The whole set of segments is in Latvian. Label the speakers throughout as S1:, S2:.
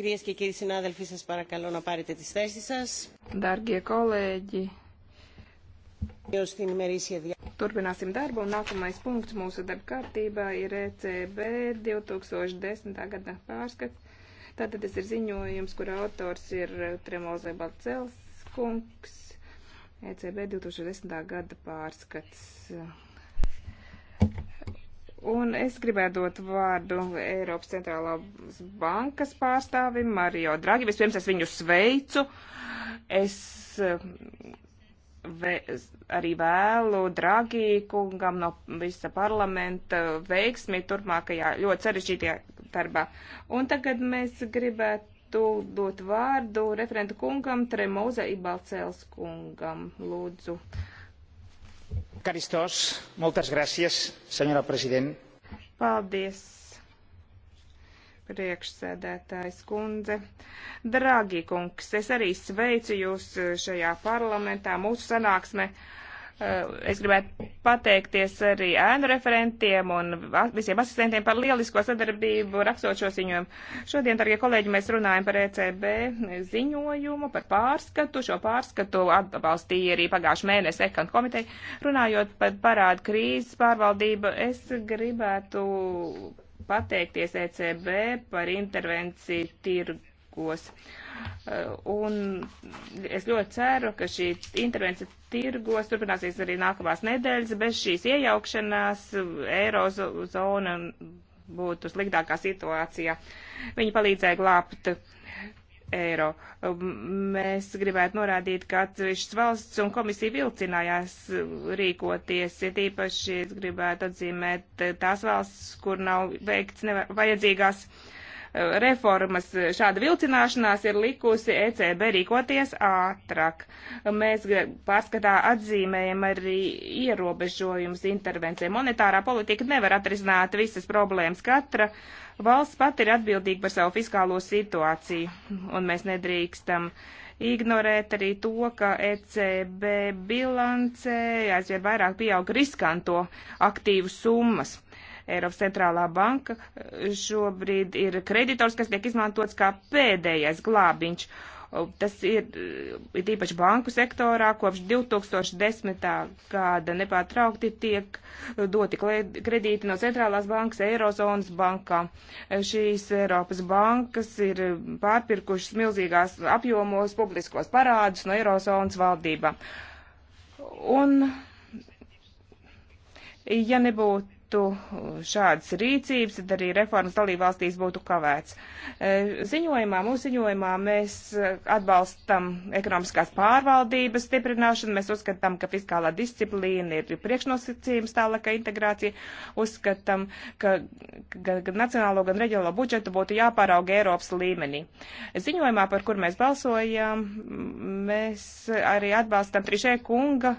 S1: Κυρίες και κύριοι συνάδελφοι, σας παρακαλώ να πάρετε τις θέσεις σας. Dargie kolēģi, turpināsim darbu, un nākamais punkts mūsu darba kārtībā ir ECB 2010. gada pārskats. Tātad tas ir ziņojums, kura autors ir Tremozē Balcels kungs, ECB 2010. gada pārskats. Un es gribētu dot vārdu Eiropas centrālās bankas pārstāvim Mario Dragi. Vispirms es viņu sveicu. Es eh, vē, arī vēlu Dragi kungam no visa parlamenta veiksmi turpmākajā ļoti sarežģītajā darbā. Un tagad mēs gribētu dot vārdu referentu kungam Tremoza Ibalcēls kungam. Lūdzu. Uh, Karistos, moltes gràcies, senora prezident. Paldies, priekšsēdētājs kundze. Dragi kungs, es arī sveicu jūs šajā parlamentā, mūsu sanāksmē. Es gribētu pateikties arī ēnu referentiem un visiem asistentiem par lielisko sadarbību rakstot šo ziņojumu. Šodien, darbie kolēģi, mēs runājam par ECB ziņojumu, par pārskatu. Šo pārskatu atbalstīja arī pagājuši mēnesi Ekon komiteja. Runājot par parādu krīzes pārvaldību, es gribētu pateikties ECB par intervenciju tirgos. Uh, Eh, un es ļoti ceru, ka šī intervence tirgos turpināsies arī nākamās nedēļas. Bez šīs iejaukšanās eirozona būtu sliktākā situācijā. Viņi palīdzēja glābt eiro. Mēs gribētu norādīt, ka atsevišķas valsts un komisija vilcinājās rīkoties, ja tīpaši es gribētu atzīmēt tās valsts, kur nav veikts vajadzīgās. Uh, reformas šāda vilcināšanās ir likusi ECB rīkoties ātrāk. Mēs pārskatā atzīmējam arī ierobežojums intervencijai. Monetārā politika nevar atrisināt visas problēmas. Katra valsts pat ir atbildīga par savu fiskālo situāciju, un mēs nedrīkstam ignorēt arī to, ka ECB bilancē aizvien vairāk pieaug riskanto aktīvu summas Eiropas centrālā banka eh, šobrīd ir kreditors, kas tiek izmantots kā pēdējais glābiņš. Tas ir, eh, ir īpaši banku sektorā, kopš 2010. gada nepārtraukti tiek eh, doti kredīti no centrālās bankas Eirozonas bankām. Šīs Eiropas bankas ir pārpirkušas milzīgās apjomos publiskos parādus no Eirozonas valdībām. Un ja nebūtu nebūtu šādas rīcības, tad arī reformas dalībvalstīs būtu kavēts. E, ziņojumā, mūsu ziņojumā mēs atbalstam ekonomiskās pārvaldības stiprināšanu, mēs uzskatām, ka fiskālā disciplīna ir priekšnosacījums tālākai integrācija, uzskatām, ka gan nacionālo, gan reģionālo budžetu būtu jāpārauga Eiropas līmenī. Ziņojumā, par kur mēs balsojam, mēs arī atbalstam Trišē kunga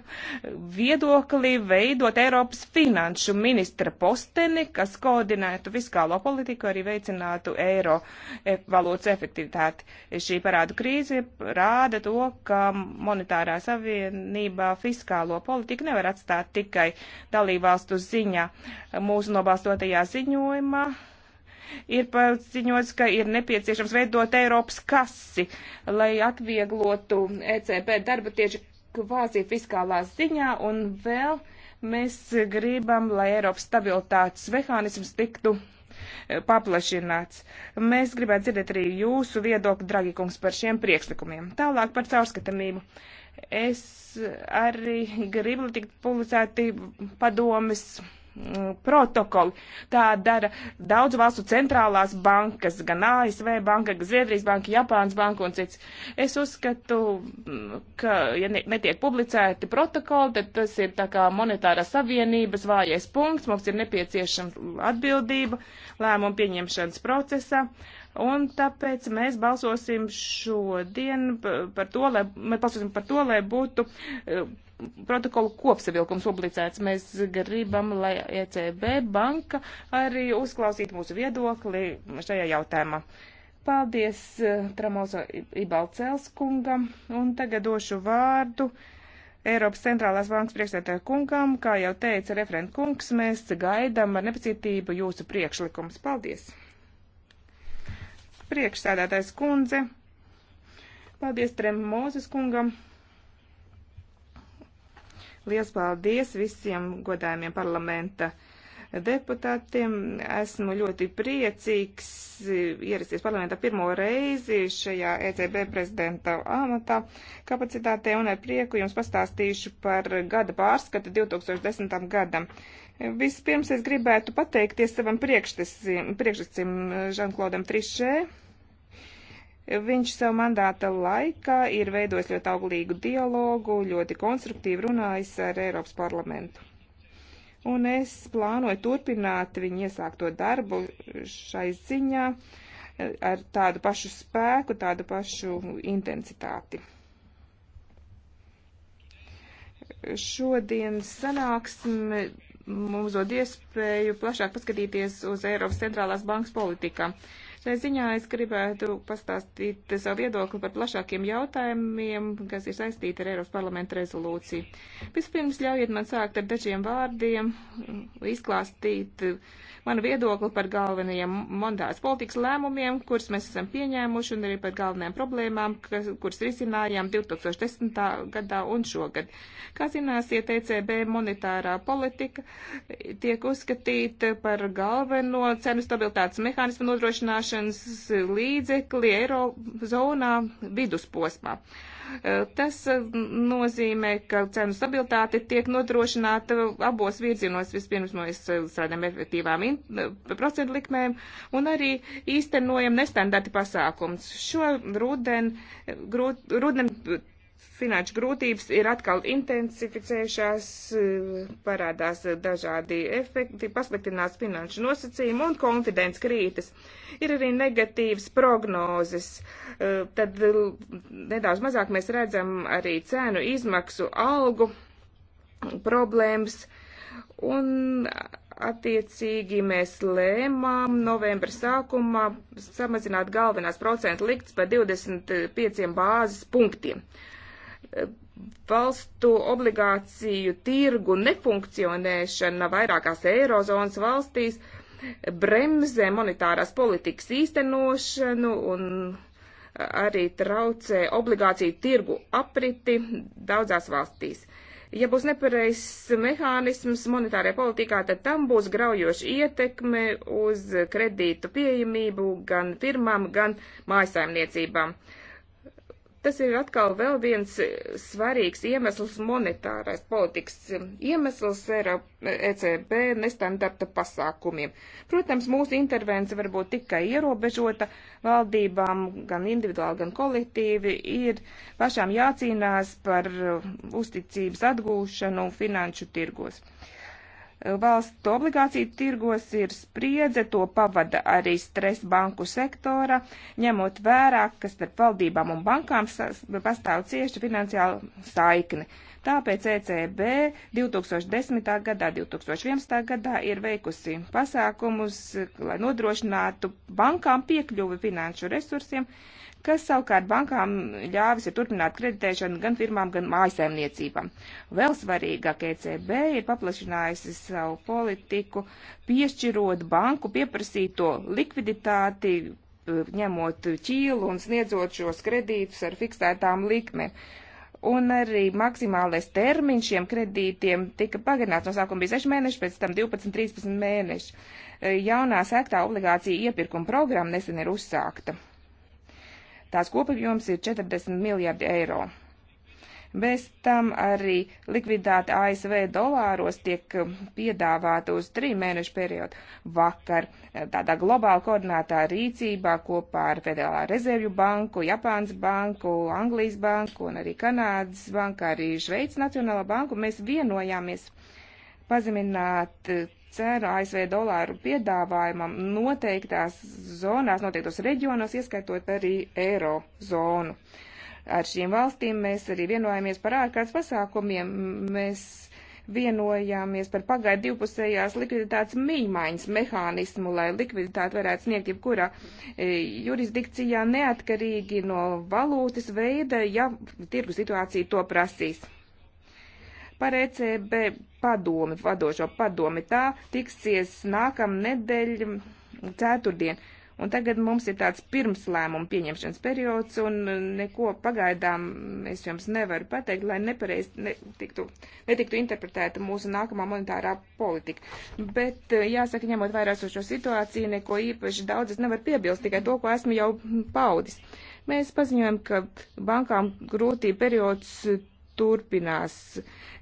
S1: viedokli veidot Eiropas finanšu ministru ministra posteni, kas koordinētu fiskālo politiku, arī veicinātu eiro e, valūtas efektivitāti. Šī parādu krīze rāda to, ka monetārā savienībā fiskālo politiku nevar atstāt tikai dalībvalstu ziņā. Mūsu nobalstotajā ziņojumā ir paziņots, ka ir nepieciešams veidot Eiropas kasi, lai atvieglotu ECB darbu tieši kvāzi fiskālā ziņā un vēl Mēs gribam, lai Eiropas stabilitātes mehānisms tiktu e, paplašināts. Mēs gribētu dzirdēt arī jūsu viedokli, dragi kungs, par šiem priekšlikumiem. Tālāk par caurskatamību. Es arī gribu, lai tiktu publicēti padomis Mm, protokoli. Tā dara daudz valstu centrālās bankas, gan ASV banka, gan Zviedrijas banka, Japānas banka un cits. Es uzskatu, mm, ka, ja netiek publicēti protokoli, tad tas ir tā kā monetārā savienības vājais punkts. Mums ir nepieciešama atbildība lēmumu pieņemšanas procesā. Uh, Un tāpēc mēs balsosim šodien par to, lai, mēs balsosim par to, lai būtu eh, protokolu kopsavilkums publicēts. Mēs gribam, lai ECB banka arī uzklausītu mūsu viedokli šajā jautājumā. Paldies eh, Tramozo Ibalcēls kungam un tagad došu vārdu. Eiropas centrālās bankas priekšsēdētāja kungam, kā jau teica referent kungs, mēs gaidām ar nepacietību jūsu priekšlikumus. Paldies! priekšsēdētājs kundze. Paldies Tremozes kungam. Liels paldies visiem godājumiem parlamenta deputātiem. Esmu ļoti priecīgs ierasties parlamentā pirmo reizi šajā ECB prezidenta amatā kapacitātē un ar prieku jums pastāstīšu par gada pārskatu 2010. gadam. Vispirms es gribētu pateikties savam priekšsacim eh, Žanklodam Trišē. Viņš savu mandāta laikā ir veidojis ļoti auglīgu dialogu, ļoti konstruktīvi runājis ar Eiropas parlamentu. Un es plānoju turpināt viņu iesākto darbu šai ziņā eh, ar tādu pašu spēku, tādu pašu intensitāti. Šodien sanāksme mums dod iespēju plašāk paskatīties uz Eiropas centrālās bankas politikām. Uh, Šai ziņā es gribētu pastāstīt savu viedokli par plašākiem jautājumiem, kas ir saistīti ar Eiropas parlamenta rezolūciju. Vispirms ļaujiet man sākt ar dažiem vārdiem, izklāstīt manu viedokli par galvenajiem mandātas politikas lēmumiem, kurus mēs esam pieņēmuši, un arī par galvenajām problēmām, kas, kuras risinājām 2010. gadā un šogad. Kā zināsiet, ECB monetārā politika tiek uzskatīta par galveno cenu stabilitātes mehānismu nodrošināšanu maksāšanas līdzekli eirozonā vidusposmā. E, Tas e, nozīmē, ka cenu stabilitāte tiek nodrošināta abos virzienos. Vispirms mēs strādājam efektīvām e, procentu likmēm un arī īstenojam nestandarti pasākums. Šo rudeni, rudeni finanšu grūtības ir atkal intensificējušās, eh, parādās dažādi efekti, pasliktinās finanšu nosacījumi un konfidents krītas. Ir arī negatīvas prognozes, eh, tad nedaudz mazāk mēs redzam arī cēnu izmaksu algu problēmas. Un attiecīgi mēs lēmām novembra sākumā samazināt galvenās procentu liktas par 25 bāzes punktiem. Uh, valstu obligāciju tirgu nefunkcionēšana vairākās eirozonas valstīs bremzē monetārās politikas īstenošanu un arī traucē obligāciju tirgu apriti daudzās valstīs. Ja būs nepareizs mehānisms monetārajā politikā, tad tam būs graujoši ietekme uz kredītu pieejamību gan firmām, gan mājasaimniecībām. Uh, Tas ir atkal vēl viens e, svarīgs iemesls monetārais politikas e, iemesls ECB e, nestandarta pasākumiem. Protams, mūsu intervence var būt tikai ierobežota valdībām, gan individuāli, gan kolektīvi. Ir pašām jācīnās par uzticības atgūšanu finanšu tirgos valstu obligāciju tirgos ir spriedze, to pavada arī stress banku sektora, ņemot vērā, ka starp valdībām un bankām pastāv cieši finansiāla saikne. Tāpēc ECB 2010. gadā, 2011. gadā ir veikusi pasākumus, lai nodrošinātu bankām piekļuvi finanšu resursiem, kas savukārt bankām ļāvis ir turpināt kreditēšanu gan firmām, gan mājasēmniecībām. Vēl svarīgāk ECB ir paplašinājusi savu politiku, piešķirot banku pieprasīto likviditāti, eh, ņemot ķīlu un sniedzot šos kredītus ar fiksētām likmēm un arī maksimālais termiņš šiem kredītiem tika pagarināts. No sākuma bija 6 mēneši, pēc tam 12, 13 mēneši. Eh, jaunā sēktā obligācija iepirkuma programma nesen ir uzsākta. Tās kopējums ir 40 miljardi eiro. Bez tam arī likviditāte ASV dolāros tiek um, piedāvāta uz trīs mēnešu periodu vakar eh, tādā globāli koordinētā rīcībā kopā ar Federālā rezervju banku, Japānas banku, Anglijas banku un arī Kanādas banku, arī Šveicis Nacionālā banku. Mēs vienojāmies pazemināt eh, cena ASV dolāru piedāvājumam noteiktās zonās, noteiktos reģionos, ieskaitot arī eiro zonu. Ar šīm valstīm mēs arī vienojāmies par ārkārtas pasākumiem. Mēs vienojāmies par pagaidu divpusējās likviditātes mīmaiņas mehānismu, lai likviditāti varētu sniegt jebkurā e, jurisdikcijā neatkarīgi no valūtas veida, ja tirgu situācija to prasīs par ECB padomi, vadošo padomi. Tā tiksies nākam nedēļ ceturtdien. Un tagad mums ir tāds pirmslēmuma pieņemšanas periods, un neko pagaidām es jums nevaru pateikt, lai nepareizi netiktu, netiktu interpretēta mūsu nākamā monetārā politika. Bet eh, jāsaka, ņemot vairāk šo situāciju, neko īpaši daudz es nevaru piebilst, tikai to, ko esmu jau paudis. Mēs paziņojam, ka bankām grūtība periods turpinās.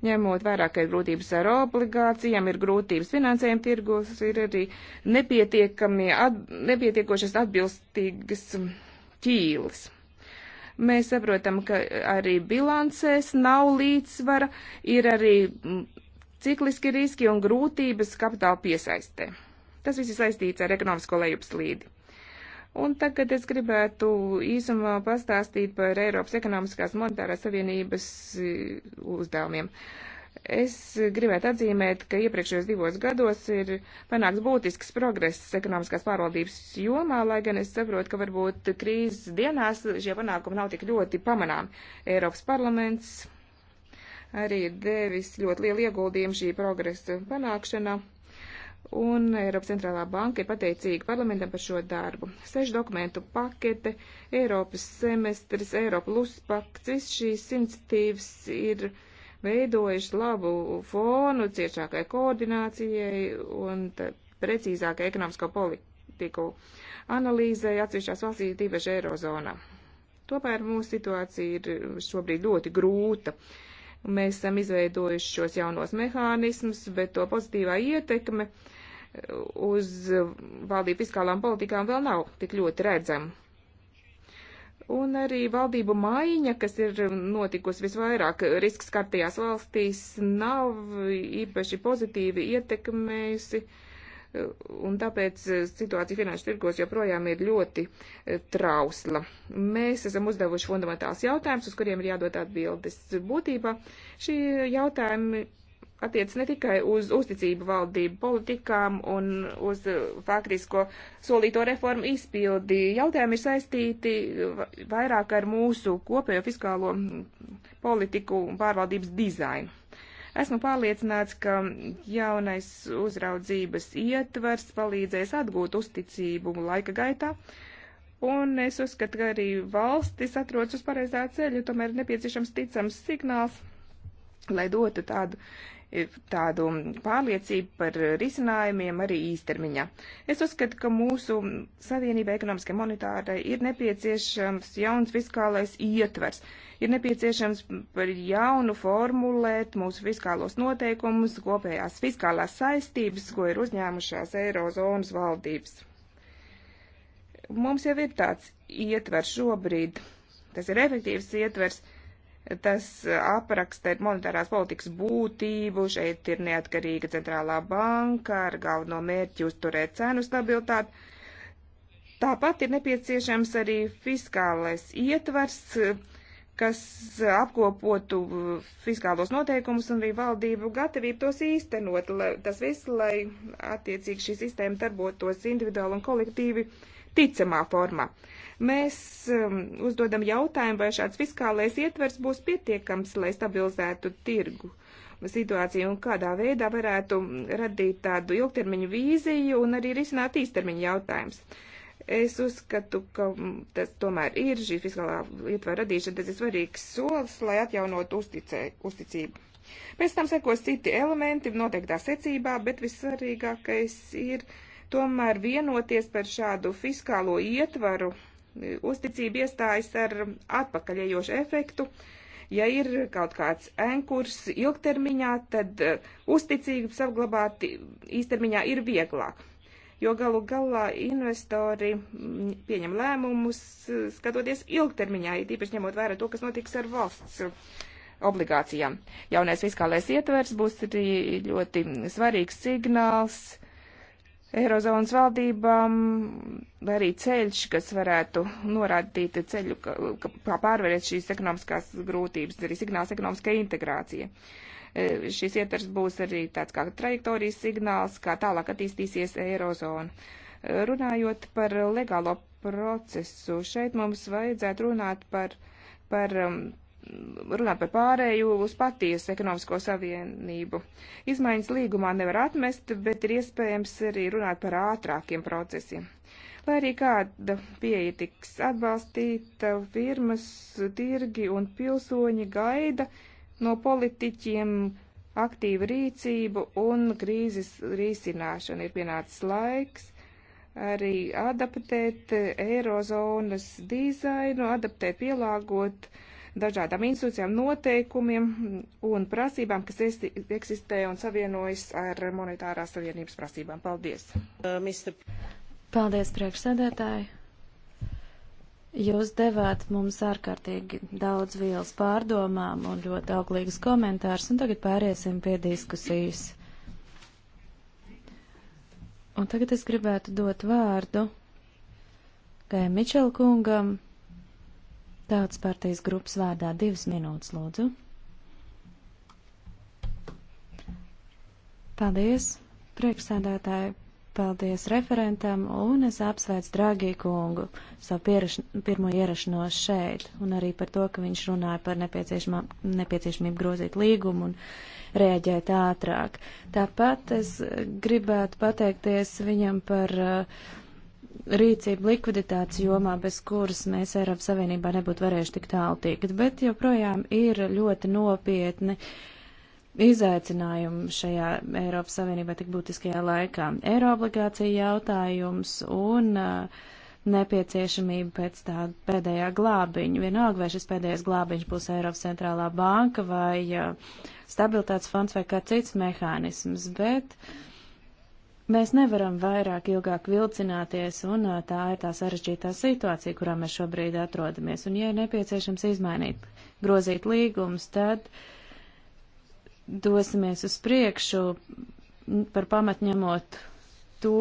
S1: Ņemot vērā, ka ir grūtības ar obligācijām, ir grūtības finansējuma tirgos, ir arī nepietiekami, at, nepietiekošas atbilstīgas ķīles. Mēs saprotam, ka arī bilancēs nav līdzsvara, ir arī cikliski riski un grūtības kapitāla piesaistē. Tas viss ir saistīts ar ekonomisko lejupslīdi. Un tagad es gribētu īsumā pastāstīt par Eiropas ekonomiskās monetārās savienības eh, uzdevumiem. Es gribētu atzīmēt, ka iepriekšējos divos gados ir panāks būtisks progress ekonomiskās pārvaldības jomā, lai gan es saprotu, ka varbūt krīzes dienās šie panākumi nav tik ļoti pamanām. Eiropas parlaments arī devis ļoti lielu ieguldījumu šī progresa panākšanā un Eiropas centrālā banka ir pateicīga parlamentam par šo darbu. Sešu dokumentu pakete, Eiropas semestris, Eiropa luspakts, viss šīs iniciatīvas ir veidojuši labu fonu ciešākai koordinācijai un precīzākai ekonomisko politiku analīzai atsevišķās valstīs, tīpaši Eirozonā. Tomēr mūsu situācija ir šobrīd ļoti grūta. Mēs esam izveidojuši šos jaunos mehānismus, bet to pozitīvā ietekme uh, uz valdību fiskālām politikām vēl nav tik ļoti redzama. Un arī valdību maiņa, kas ir notikusi visvairāk risks kartajās valstīs, nav īpaši pozitīvi ietekmējusi, un tāpēc situācija finanšu tirgos joprojām ir ļoti e, trausla. Mēs esam uzdevuši fundamentāls jautājums, uz kuriem ir jādod atbildes. Būtībā šie jautājumi attiec ne tikai uz uzticību valdību politikām un uz uh, faktisko solīto reformu izpildi. Jautājumi ir saistīti uh, vairāk ar mūsu kopējo fiskālo politiku un pārvaldības dizainu. Esmu pārliecināts, ka jaunais uzraudzības ietvers palīdzēs atgūt uzticību laika gaitā. Un es uzskatu, ka arī valstis atrodas uz pareizā ceļa, tomēr nepieciešams ticams signāls, lai dotu tādu tādu pārliecību par risinājumiem arī īstermiņā. Es uzskatu, ka mūsu Savienība ekonomiskai monetārai ir nepieciešams jauns fiskālais ietvers, ir nepieciešams par jaunu formulēt mūsu fiskālos noteikumus, kopējās fiskālās saistības, ko ir uzņēmušās Eirozonas valdības. Mums jau ir tāds ietvers šobrīd, tas ir efektīvs ietvers Tas apraksta ir monetārās politikas būtību, šeit ir neatkarīga centrālā banka ar galveno mērķi uzturēt cenu stabilitāti. Tāpat ir nepieciešams arī fiskālais ietvars, kas apkopotu fiskālos noteikumus un arī valdību gatavību tos īstenot. Lai, tas viss, lai attiecīgi šī sistēma darbotos individuāli un kolektīvi. Uh, ticamā formā. Mēs um, uzdodam jautājumu, vai šāds fiskālais ietvers būs pietiekams, lai stabilizētu tirgu situāciju un kādā veidā varētu radīt tādu ilgtermiņu vīziju un arī risināt īstermiņu jautājumus. Es uzskatu, ka mm, tas tomēr ir šī fiskālā ietvera radīšana, tas ir svarīgs solis, lai atjaunotu uzticē, uzticību. Pēc tam sekos citi elementi noteiktā secībā, bet vissvarīgākais ir uh, Tomēr vienoties par šādu fiskālo ietvaru, e, uzticība iestājas ar atpakaļējošu efektu. Ja ir kaut kāds enkurs ilgtermiņā, tad e, uzticību saglabāt īstermiņā ir vieglāk. Jo galu galā investori mm, pieņem lēmumus, e, skatoties ilgtermiņā, it īpaši ņemot vērā to, kas notiks ar valsts obligācijām. Jaunais fiskālais ietvers būs arī ļoti svarīgs signāls Eirozonas valdībām arī ceļš, kas varētu norādīt ceļu, kā pārvarēt šīs ekonomiskās grūtības, arī signāls ekonomiskai integrācija. E, šis ietvers būs arī tāds kā trajektorijas signāls, kā tālāk attīstīsies Eirozona. E, runājot par legālo procesu, šeit mums vajadzētu runāt par, par um, runāt par pārēju uz patiesu ekonomisko savienību. Izmaiņas līgumā nevar atmest, bet ir iespējams arī runāt par ātrākiem procesiem. Lai arī kāda pieeja tiks atbalstīta, firmas, tirgi un pilsoņi gaida no politiķiem aktīvu rīcību un krīzes risināšanu. Ir pienācis laiks arī adaptēt eirozonas dizainu, adaptēt, pielāgot uh, dažādām institūcijām, noteikumiem un prasībām, kas eksistē un savienojas ar monetārās savienības prasībām. Paldies! Uh,
S2: Paldies, priekšsēdētāji! Jūs devāt mums ārkārtīgi daudz vielas pārdomām un ļoti auglīgas komentārus, un tagad pāriesim pie diskusijas. Un tagad es gribētu dot vārdu Gai Mičel kungam, Tautas partijas grupas vārdā divas minūtes, lūdzu. Paldies, priekšsēdētāji, paldies referentam, un es apsveicu Dragī kungu savu pieraš, pirmo ierašanos šeit, un arī par to, ka viņš runāja par nepieciešamību grozīt līgumu un rēģēt ātrāk. Tāpat es gribētu pateikties viņam par uh, rīcību likviditātes jomā, bez kuras mēs Eiropas Savienībā nebūtu varējuši tik tālu tikt, bet joprojām ir ļoti nopietni izaicinājumi šajā Eiropas Savienībā tik būtiskajā laikā. Eiro obligācija jautājums un uh, nepieciešamība pēc tā pēdējā glābiņa. Vienalga, vai šis pēdējais glābiņš būs Eiropas centrālā banka vai uh, stabilitātes fonds vai kā cits mehānisms, bet uh, Mēs nevaram vairāk ilgāk vilcināties, un tā ir tā sarežģītā situācija, kurā mēs šobrīd atrodamies. Un, ja ir nepieciešams izmainīt, grozīt līgumus, tad dosimies uz priekšu par pamatņemot to,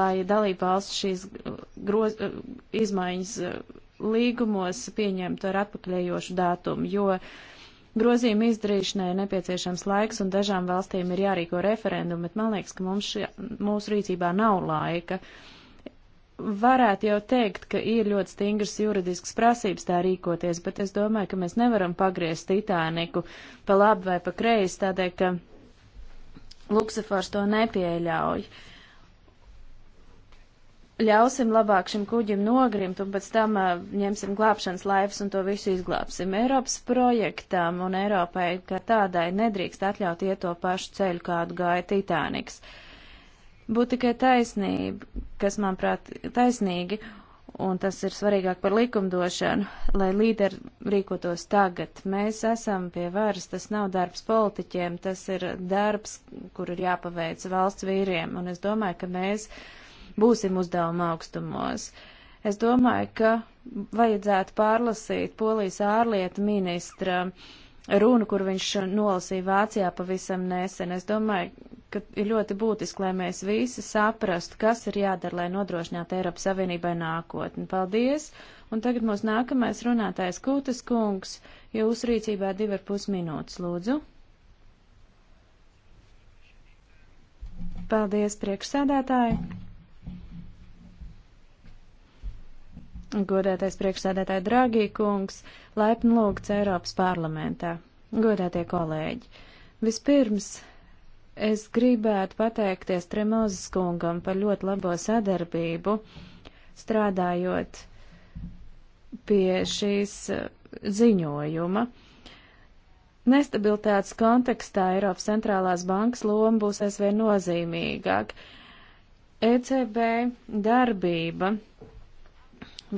S2: lai dalība valsts šīs groz, izmaiņas līgumos pieņemtu ar atpakaļējošu datumu, jo uh, Grozījuma izdarīšanai ir nepieciešams laiks, un dažām valstīm ir jārīko referendumi, bet man liekas, ka mums šie, mūsu rīcībā nav laika. Varētu jau teikt, ka ir ļoti stingras juridiskas prasības tā rīkoties, bet es domāju, ka mēs nevaram pagriezt Titāniku pa labi vai pa kreisi, tādēļ, ka Luksafors to nepieļauj. Uh, ļausim labāk šim kuģim nogrimt un pēc tam uh, ņemsim glābšanas laivas un to visu izglābsim. Eiropas projektam un Eiropai kā tādai nedrīkst atļaut iet to pašu ceļu, kādu gāja Titaniks. Būtu tikai taisnība, kas, manuprāt, taisnīgi, un tas ir svarīgāk par likumdošanu, lai līderi rīkotos tagad. Mēs esam pie varas, tas nav darbs politiķiem, tas ir darbs, kur ir jāpaveic valsts vīriem, un es domāju, ka mēs. Uh, būsim uzdevuma augstumos. Es domāju, ka vajadzētu pārlasīt Polijas ārlietu ministra runu, kur viņš nolasīja Vācijā pavisam nesen. Es domāju, ka ir ļoti būtiski, lai mēs visi saprastu, kas ir jādara, lai nodrošinātu Eiropas Savienībai nākotni. Paldies! Un tagad mūsu nākamais runātājs Kūtas kungs. Jūsu rīcībā divi ar pus minūtes, lūdzu. Paldies, priekšsēdētāji! Godētais priekšsēdētāji Dragī kungs, laipni lūgts Eiropas parlamentā. Godētie kolēģi, vispirms es gribētu pateikties Tremozes kungam par ļoti labo sadarbību, strādājot pie šīs eh, ziņojuma. Nestabilitātes kontekstā Eiropas centrālās bankas loma būs aizvien nozīmīgāk. ECB darbība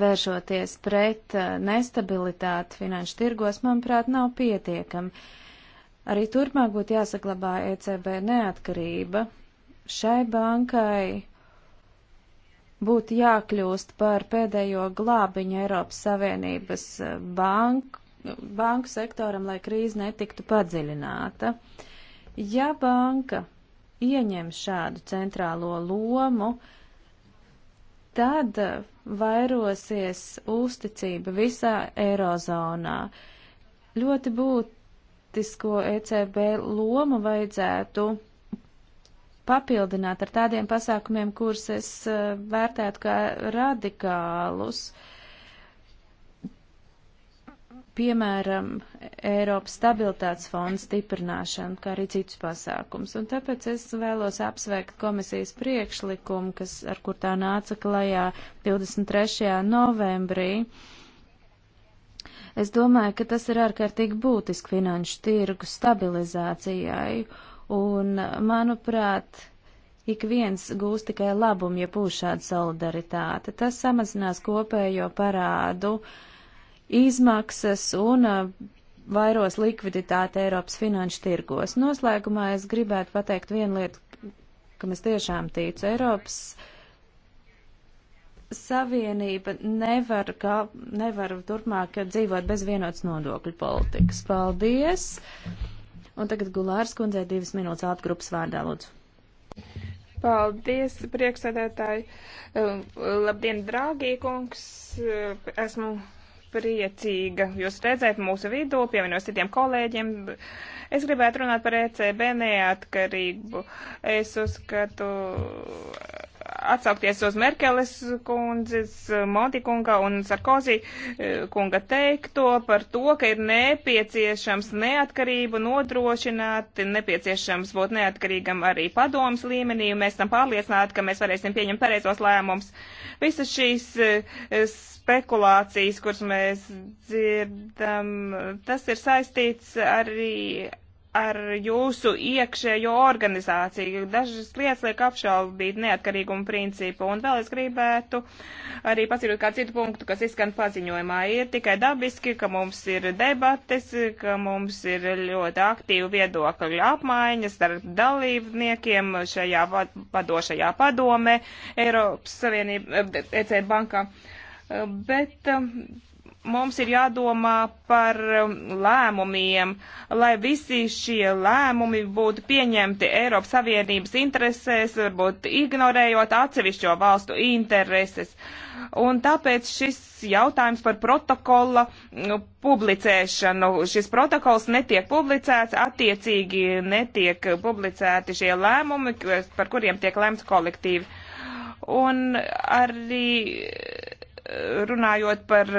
S2: vēršoties pret eh, nestabilitāti finanšu tirgos, manuprāt, nav pietiekami. Arī turpmāk būtu jāsaglabā ECB neatkarība. Šai bankai būtu jākļūst par pēdējo glābiņu Eiropas Savienības eh, banku, banku sektoram, lai krīze netiktu padziļināta. Ja banka ieņem šādu centrālo lomu, uh, tad eh, vairosies uzticība visā Eirozonā. Ļoti būtisko ECB lomu vajadzētu papildināt ar tādiem pasākumiem, kurus es eh, vērtētu kā radikālus. Uh, piemēram, Eiropas stabilitātes fonda stiprināšanu, kā arī citus pasākums. Un tāpēc es vēlos apsveikt komisijas priekšlikumu, kas, ar kur tā nāca klajā 23. novembrī. Es domāju, ka tas ir ārkārtīgi būtiski finanšu tirgu stabilizācijai, un, manuprāt, ik viens gūs tikai labumu, ja būs šāda solidaritāte. Tas samazinās kopējo parādu. Uh, izmaksas un uh, vairos likviditāte Eiropas finanšu tirgos. Noslēgumā es gribētu pateikt vienu lietu, kam es tiešām ticu. Eiropas Savienība nevar, kā, nevar turpmāk dzīvot bez vienotas nodokļu politikas. Paldies! Un tagad Gulārs kundzei divas minūtes atgrupas vārdā, lūdzu.
S1: Paldies, priekšsēdētāji. Labdien, draugi kungs. Esmu priecīga jūs redzēt mūsu vidū, pievienos citiem kolēģiem. Es gribētu runāt par ECB neatkarību. Es uzskatu atsaukties uz Merkeles kundzes, Monti kunga un Sarkozi eh, kunga teikto par to, ka ir nepieciešams neatkarību nodrošināt, nepieciešams būt neatkarīgam arī padomas līmenī, un mēs tam pārliecināti, ka mēs varēsim pieņemt pareizos lēmumus. Visas šīs eh, spekulācijas, kuras mēs dzirdam, tas ir saistīts arī ar jūsu iekšējo organizāciju. Dažas lietas liek apšaubīt neatkarīgumu principu. Un vēl es gribētu arī pasirot kādu citu punktu, kas izskan paziņojumā. Ir tikai dabiski, ka mums ir debates, ka mums ir ļoti aktīva viedokļa apmaiņas ar dalībniekiem šajā vadošajā padomē Eiropas Savienība, eh, EC bankā. Eh, bet eh, mums ir jādomā par um, lēmumiem, lai visi šie lēmumi būtu pieņemti Eiropas Savienības interesēs, varbūt ignorējot atsevišķo valstu intereses. Un tāpēc šis jautājums par protokola nu, publicēšanu. Šis protokols netiek publicēts, attiecīgi netiek publicēti šie lēmumi, par kuriem tiek lemts kolektīvi. Un arī runājot par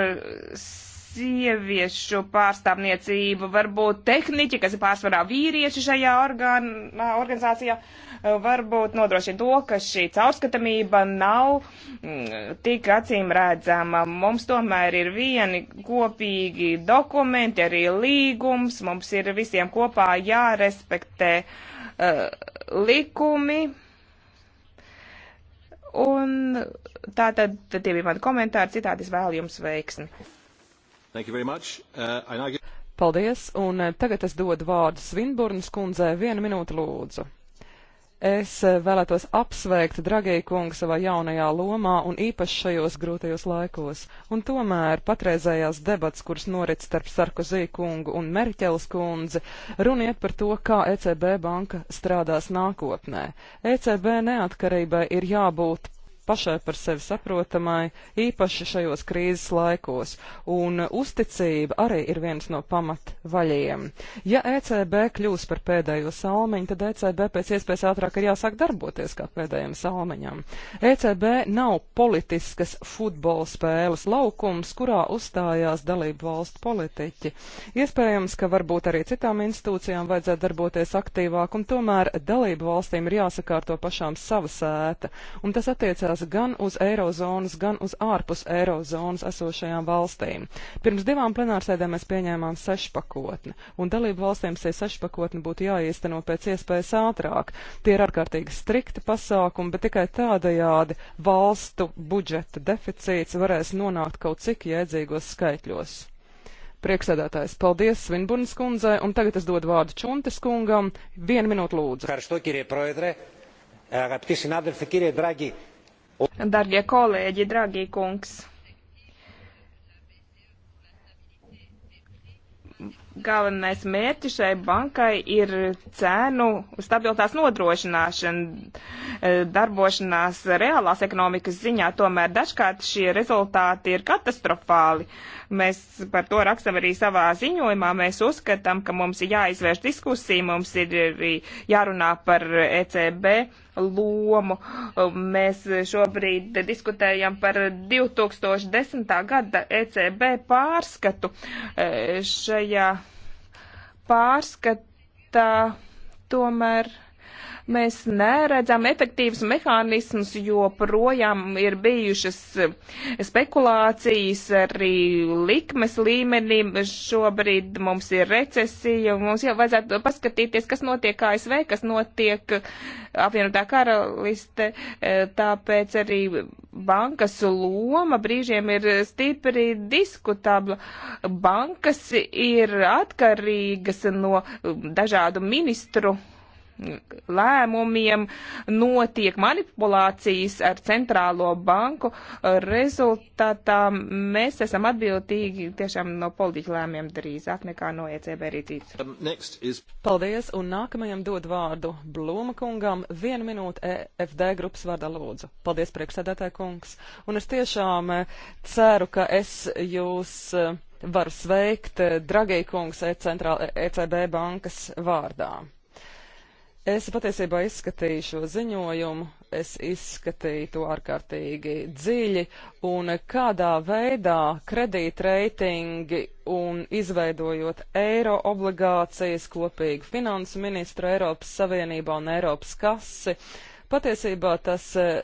S1: sieviešu pārstāvniecību, varbūt tehniķi, kas ir pārsvarā vīrieši šajā orgānā, organizācijā, varbūt nodrošina to, ka šī caurskatamība nav mm, tik acīm redzama. Mums tomēr ir vieni kopīgi dokumenti, arī līgums, mums ir visiem kopā jārespektē uh, likumi Un tā tad tie bija mani komentāri, citādi es vēlu jums veiksmi.
S3: Uh, I... Paldies, un eh, tagad es dodu vārdu Svinburnas kundzē vienu minūtu lūdzu. Es eh, vēlētos apsveikt Dragiju kungu savā jaunajā lomā un īpaši šajos grūtajos laikos. Un tomēr patreizējās debats, kuras norit starp Sarkozī kungu un Merķels kundzi, runiet par to, kā ECB banka strādās nākotnē. ECB neatkarībai ir jābūt pašai par sevi saprotamai, īpaši šajos krīzes laikos, un uzticība arī ir viens no pamatvaļiem. Ja ECB kļūs par pēdējo salmiņu, tad ECB pēc iespējas ātrāk ir jāsāk darboties kā pēdējiem salmiņam. ECB nav politiskas futbola spēles laukums, kurā uzstājās dalību valstu politiķi. Iespējams, ka varbūt arī citām institūcijām vajadzētu darboties aktīvāk, un tomēr dalību valstīm ir jāsakārto pašām sava sēta, un tas attiecās attiecās gan uz eirozonas, gan uz ārpus eirozonas esošajām valstīm. Pirms divām plenārsēdēm mēs pieņēmām sešpakotni, un dalību valstīm šie sešpakotni būtu jāīsteno pēc iespējas ātrāk. Tie ir ārkārtīgi strikti pasākumi, bet tikai tādajādi valstu budžeta deficīts varēs nonākt kaut cik jēdzīgos skaitļos priekšsēdētājs. Paldies Svinburnas kundzei, un tagad es dodu vārdu Čuntes kungam. Vienu minūtu lūdzu. Darbie
S1: kolēģi, dragi kungs, galvenais mērķis šai bankai ir cēnu stabilitātes nodrošināšana, e, darbošanās reālās ekonomikas ziņā, tomēr dažkārt šie rezultāti ir katastrofāli. Uh, Mēs par to rakstam arī savā ziņojumā. Mēs uzskatām, ka mums ir jāizvērš diskusija, mums ir arī jārunā par ECB lomu. Mēs šobrīd diskutējam par 2010. gada ECB pārskatu. Šajā pārskatā tomēr mēs neredzam efektīvus mehānismus, jo projām ir bijušas eh, spekulācijas arī likmes līmenī. Šobrīd mums ir recesija, mums jau vajadzētu paskatīties, kas notiek ASV, kas notiek apvienotā karaliste, eh, tāpēc arī bankas loma brīžiem ir stipri diskutabla. Bankas ir atkarīgas no um, dažādu ministru lēmumiem notiek manipulācijas ar centrālo banku. Rezultātā mēs esam atbildīgi tiešām no politiķu lēmiem
S3: drīzāk nekā no ECB rīcības.
S1: Um, is...
S3: Paldies, un nākamajam dod vārdu Blūma kungam. Vienu minūti EFD grupas vārdā lūdzu. Paldies, priekšsēdētāja kungs. Un es tiešām eh, ceru, ka es jūs eh, varu sveikt eh, Dragī kungs ECB e bankas vārdā. Es patiesībā izskatīju šo ziņojumu, es izskatīju to ārkārtīgi dziļi, un kādā veidā kredītreitingi un izveidojot eiro obligācijas kopīgu finansu ministru Eiropas Savienībā un Eiropas kasi, patiesībā tas eh,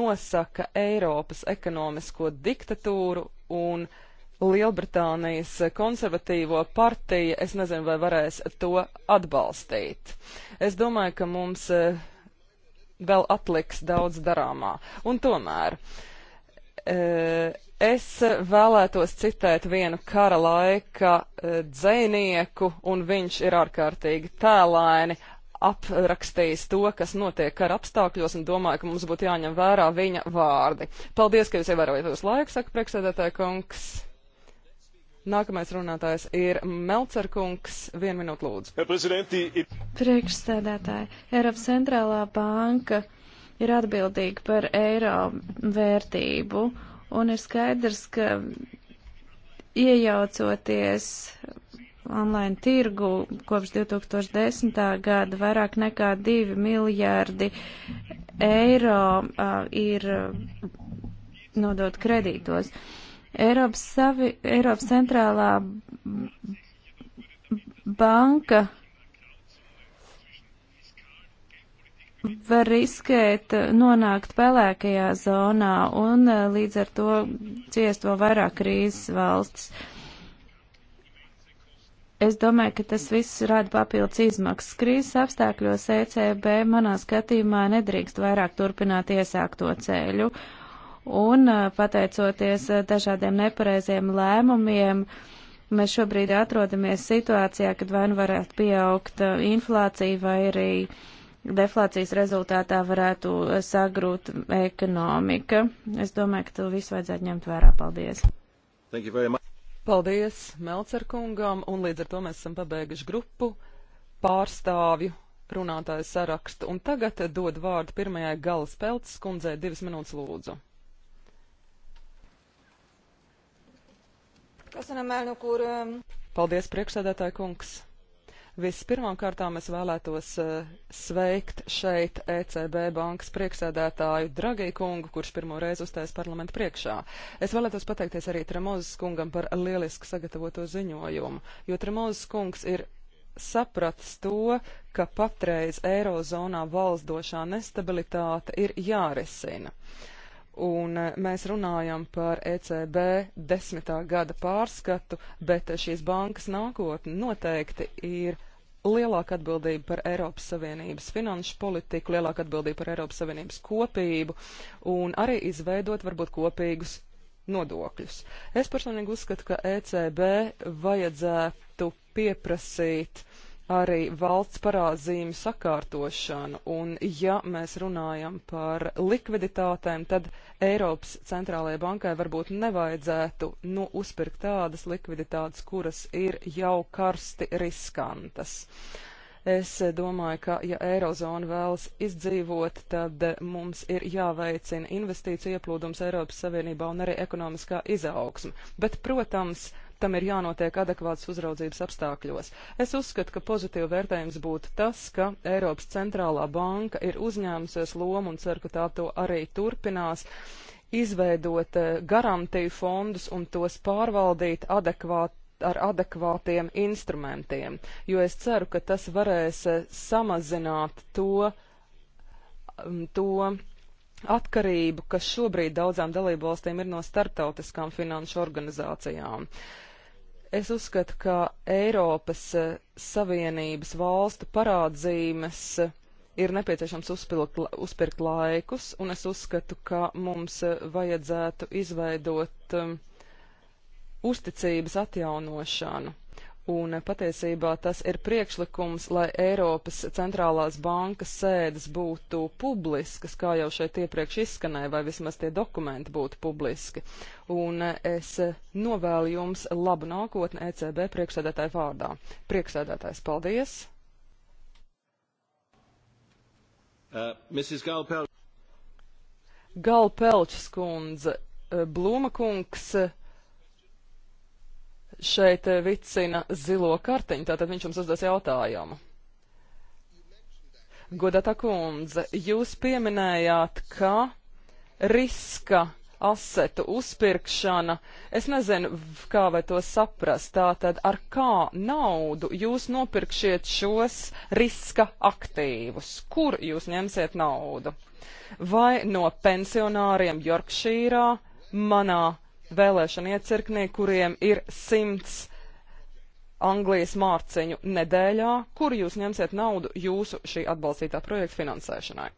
S3: nosaka Eiropas ekonomisko diktatūru un ekonomisko Lielbritānijas konservatīvo partija, es nezinu, vai varēs to atbalstīt. Es domāju, ka mums e, vēl atliks daudz darāmā. Un tomēr e, es vēlētos citēt vienu kara laika e, dzēnieku, un viņš ir ārkārtīgi tēlaini aprakstījis to, kas notiek kara apstākļos, un domāju, ka mums būtu jāņem vērā viņa vārdi. Paldies, ka jūs ievērojat jūsu laiku, saka priekšsēdētāja kungs. Nākamais runātājs ir Melcerkungs. Vienu minūtu lūdzu.
S2: Priekšsēdētāji, Eiropas centrālā banka ir atbildīga par eiro vērtību, un ir skaidrs, ka iejaucoties online tirgu kopš 2010. gada vairāk nekā 2 miljārdi eiro uh, ir nodot kredītos. Uh, Eiropas, savi, Eiropas centrālā banka var riskēt nonākt pelēkajā zonā un eh, līdz ar to ciest vēl vairāk krīzes valstis. Es domāju, ka tas viss rada papildus izmaksas. Krīzes apstākļos ECB manā skatījumā nedrīkst vairāk turpināt iesākto ceļu un eh, pateicoties eh, dažādiem nepareiziem lēmumiem, mēs šobrīd atrodamies situācijā, kad vai nu varētu pieaugt eh, inflācija vai arī deflācijas rezultātā varētu sagrūt ekonomika. Es domāju, ka to visu vajadzētu ņemt vērā. Paldies! Paldies Melcerkungam,
S3: un līdz ar to mēs esam pabeiguši grupu pārstāvju runātāju sarakstu. Un tagad dod vārdu pirmajai galas peltas kundzei divas minūtes lūdzu. Paldies, priekšsēdētāji kungs! Vispirmām kārtām es vēlētos uh, sveikt šeit ECB bankas priekšsēdētāju Dragī kungu, kurš pirmo reizi uzstājas parlamentu priekšā. Es vēlētos pateikties arī Tremozes kungam par lielisku sagatavoto ziņojumu, jo Tremozes kungs ir sapratis to, ka patreiz Eirozonā valsts došā nestabilitāte ir jārisina. Uh, un eh, mēs runājam par ECB desmitā gada pārskatu, bet eh, šīs bankas nākotne noteikti ir lielāka atbildība par Eiropas Savienības finanšu politiku, lielāka atbildība par Eiropas Savienības kopību un arī izveidot varbūt kopīgus nodokļus. Es personīgi uzskatu, ka ECB vajadzētu pieprasīt uh, arī valsts parādzīmu sakārtošanu, un ja mēs runājam par likviditātēm, tad Eiropas centrālajai bankai varbūt nevajadzētu nu uzpirkt tādas likviditātes, kuras ir jau karsti riskantas. Es domāju, ka ja Eirozona vēlas izdzīvot, tad mums ir jāveicina investīcija ieplūdums Eiropas Savienībā un arī ekonomiskā izaugsme. Bet, protams, tam ir jānotiek adekvātas uzraudzības apstākļos. Es uzskatu, ka pozitīva vērtējums būtu tas, ka Eiropas centrālā banka ir uzņēmusies lomu un ceru, ka tā to arī turpinās izveidot eh, garantiju fondus un tos pārvaldīt adekvāti ar adekvātiem instrumentiem, jo es ceru, ka tas varēs eh, samazināt to, mm, to atkarību, kas šobrīd daudzām dalībvalstīm ir no starptautiskām finanšu organizācijām. Uh, Es uzskatu, ka Eiropas e, Savienības valstu parādzīmes e, ir nepieciešams uzpilkt, uzpirkt laikus, un es uzskatu, ka mums e, vajadzētu izveidot um, uzticības atjaunošanu un patiesībā tas ir priekšlikums, lai Eiropas centrālās bankas sēdes būtu publiskas, kā jau šeit iepriekš izskanēja, vai vismaz tie dokumenti būtu publiski. Un es novēlu jums labu nākotni ECB priekšsēdētāju vārdā. Priekšsēdētājs, paldies! Uh, Galpelčs Gal kundze, uh, Blūma kungs, šeit eh, vicina zilo kartiņu, tātad viņš jums uzdos jautājumu. Godata kundze, jūs pieminējāt, ka riska asetu uzpirkšana, es nezinu, kā vai to saprast, tātad ar kā naudu jūs nopirkšiet šos riska aktīvus, kur jūs ņemsiet naudu? Vai no pensionāriem Jorkšīrā, manā vēlēšana iecirknī, kuriem ir simts Anglijas mārciņu nedēļā, kur jūs ņemsiet naudu jūsu šī atbalstītā projekta finansēšanai?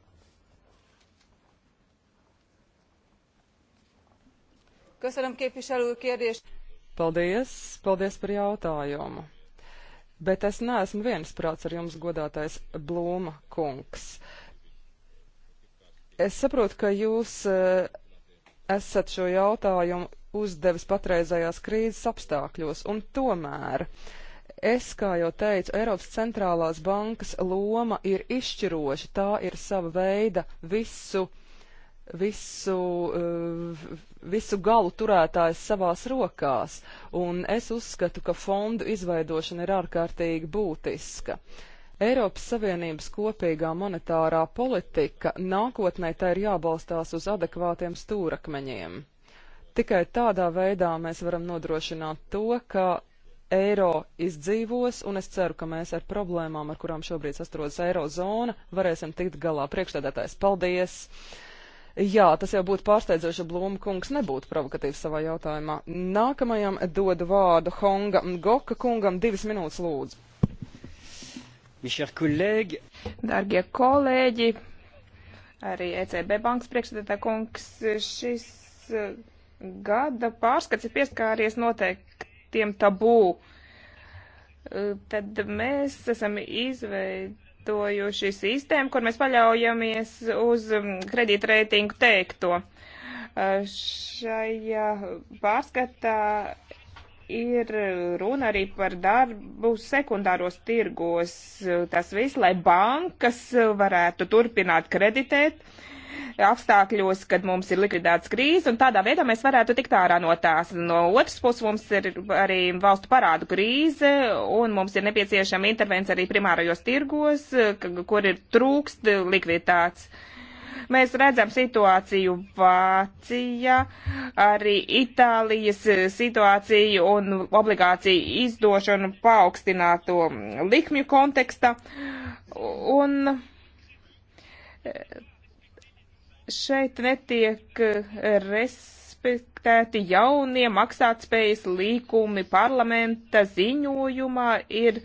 S1: Köszönöm képviselő kérdést.
S3: Paldies, paldies par jautājumu. Bet es neesmu viensprāts ar jums, godātais Blūma kungs. Es saprotu, ka jūs eh, esat šo jautājumu uzdevis patreizējās krīzes apstākļos, un tomēr es, kā jau teicu, Eiropas centrālās bankas loma ir izšķiroša, tā ir sava veida visu, visu, uh, visu galu turētājs savās rokās, un es uzskatu, ka fondu izveidošana ir ārkārtīgi būtiska. Eiropas Savienības kopīgā monetārā politika nākotnē tā ir jābalstās uz adekvātiem stūrakmeņiem. Tikai tādā veidā mēs varam nodrošināt to, ka eiro izdzīvos, un es ceru, ka mēs ar problēmām, ar kurām šobrīd sastarodas eirozona, varēsim tikt galā. Priekšstādātājs, paldies! Jā, tas jau būtu pārsteidzoši, ja Blūma kungs nebūtu provokatīvs savā jautājumā. Nākamajam dodu vārdu Honga Goka kungam divas minūtes lūdzu. Dargie
S1: kolēģi, arī ECB bankas priekšsēdētā kungs, šis gada pārskats ir pieskāries noteiktiem tabū. E, tad mēs esam izveidojuši sistēmu, kur mēs paļaujamies uz mm, kredītreitingu teikto. E, šajā pārskatā ir runa arī par darbu sekundāros tirgos. Tas viss, lai bankas varētu turpināt kreditēt, uh, apstākļos, kad mums ir likvidētas krīzes, un tādā veidā mēs varētu tikt ārā no tās. No otras puses mums ir arī valstu parādu krīze, un mums ir nepieciešama intervence arī primārajos tirgos, kur ir trūkst likviditātes mēs redzam situāciju Vācija, arī Itālijas situāciju un obligāciju izdošanu paaugstināto likmju konteksta. Un šeit netiek eh, respektēti jaunie maksātspējas līkumi. Parlamenta ziņojumā ir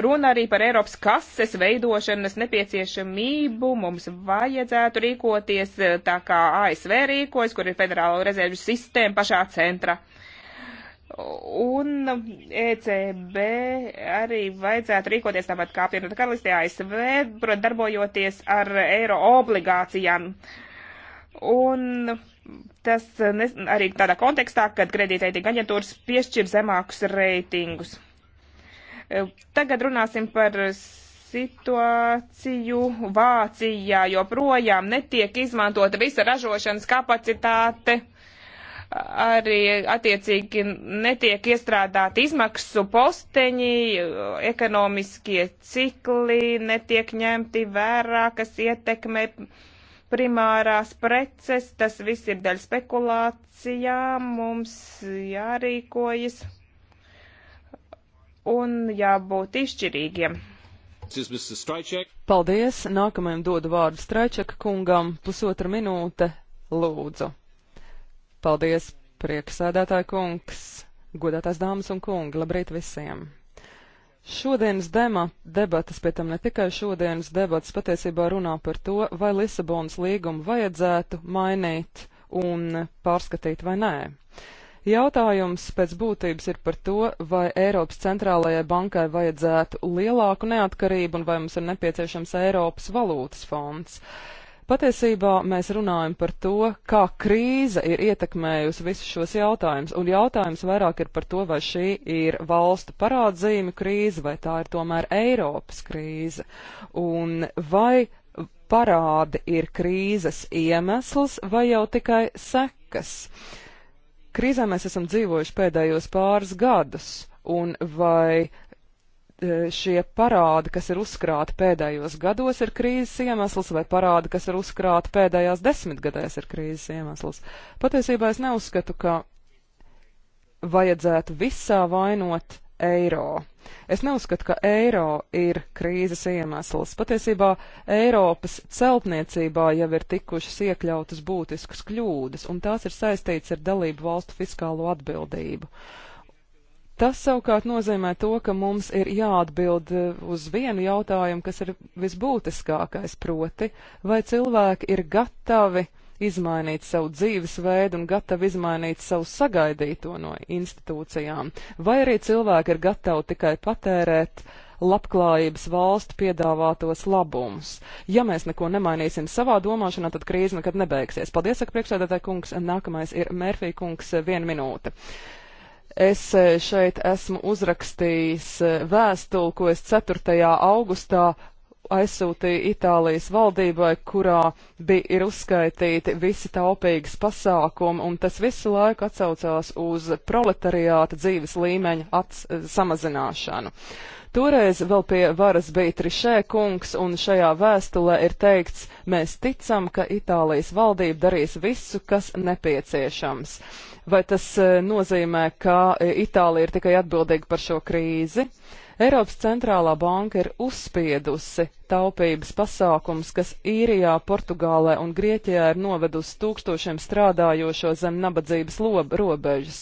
S1: runa arī par Eiropas kases veidošanas nepieciešamību. Mums vajadzētu rīkoties eh, tā kā ASV rīkojas, kur ir federālo rezervju sistēma pašā centra. Un ECB arī vajadzētu rīkoties tāpat kā apvienotā karalistē ASV, darbojoties ar eiro obligācijām. Uh, Un tas ne, arī tādā kontekstā, kad kredītreitinga aģentūras piešķir zemākus reitingus. E, tagad runāsim par situāciju Vācijā, jo projām netiek izmantota visa ražošanas kapacitāte, arī attiecīgi netiek iestrādāti izmaksu posteņi, ekonomiskie cikli netiek ņemti vērā, kas ietekmē uh, primārās preces, tas viss ir daļa spekulācijām, mums jārīkojas un jābūt izšķirīgiem.
S3: Paldies! Nākamajam dodu vārdu Straičaka kungam pusotra minūte lūdzu. Paldies, prieksēdētāja kungs, godātās dāmas un kungi, labrīt visiem! Šodienas debatas, pie tam ne tikai šodienas debatas, patiesībā runā par to, vai Lisabonas līgumu vajadzētu mainīt un pārskatīt vai nē. Jautājums pēc būtības ir par to, vai Eiropas centrālajai bankai vajadzētu lielāku neatkarību un vai mums ir nepieciešams Eiropas valūtas fonds. Uh, Patiesībā mēs runājam par to, kā krīze ir ietekmējusi visus šos jautājumus, un jautājums vairāk ir par to, vai šī ir valstu parādzīme krīze, vai tā ir tomēr Eiropas krīze, un vai parādi ir krīzes iemesls, vai jau tikai sekas. Krīzē mēs esam dzīvojuši pēdējos pāris gadus, un vai uh, E, šie parādi, kas ir uzkrāti pēdējos gados, ir krīzes iemesls, vai parādi, kas ir uzkrāti pēdējās desmitgadēs, ir krīzes iemesls. Patiesībā es neuzskatu, ka vajadzētu visā vainot eiro. Es neuzskatu, ka eiro ir krīzes iemesls. Patiesībā Eiropas celtniecībā jau ir tikušas iekļautas būtiskas kļūdas, un tās ir saistītas ar dalību valstu fiskālo atbildību. Uh, Tas savukārt nozīmē to, ka mums ir jāatbild eh, uz vienu jautājumu, kas ir visbūtiskākais, proti, vai cilvēki ir gatavi izmainīt savu dzīvesveidu un gatavi izmainīt savu sagaidīto no institūcijām, vai arī cilvēki ir gatavi tikai patērēt labklājības valstu piedāvātos labumus. Ja mēs neko nemainīsim savā domāšanā, tad krīze nekad nebeigsies. Paldies, saka priekšsēdētāji kungs. Nākamais ir Mērfī kungs, viena minūte. Uh, Es e, šeit esmu uzrakstījis e, vēstuli, ko es 4. augustā aizsūtīju Itālijas valdībai, kurā bija ir uzskaitīti visi taupīgas pasākumi, un tas visu laiku atsaucās uz proletariāta dzīves līmeņa ats, e, samazināšanu. Toreiz vēl pie varas bija Trišē kungs, un šajā vēstulē ir teikts, mēs ticam, ka Itālijas valdība darīs visu, kas nepieciešams. Vai tas e, nozīmē, ka e, Itālija ir tikai atbildīga par šo krīzi? Eiropas centrālā banka ir uzspiedusi taupības pasākums, kas īrijā, Portugālē un Grieķijā ir novedusi tūkstošiem strādājošo zem nabadzības robežas.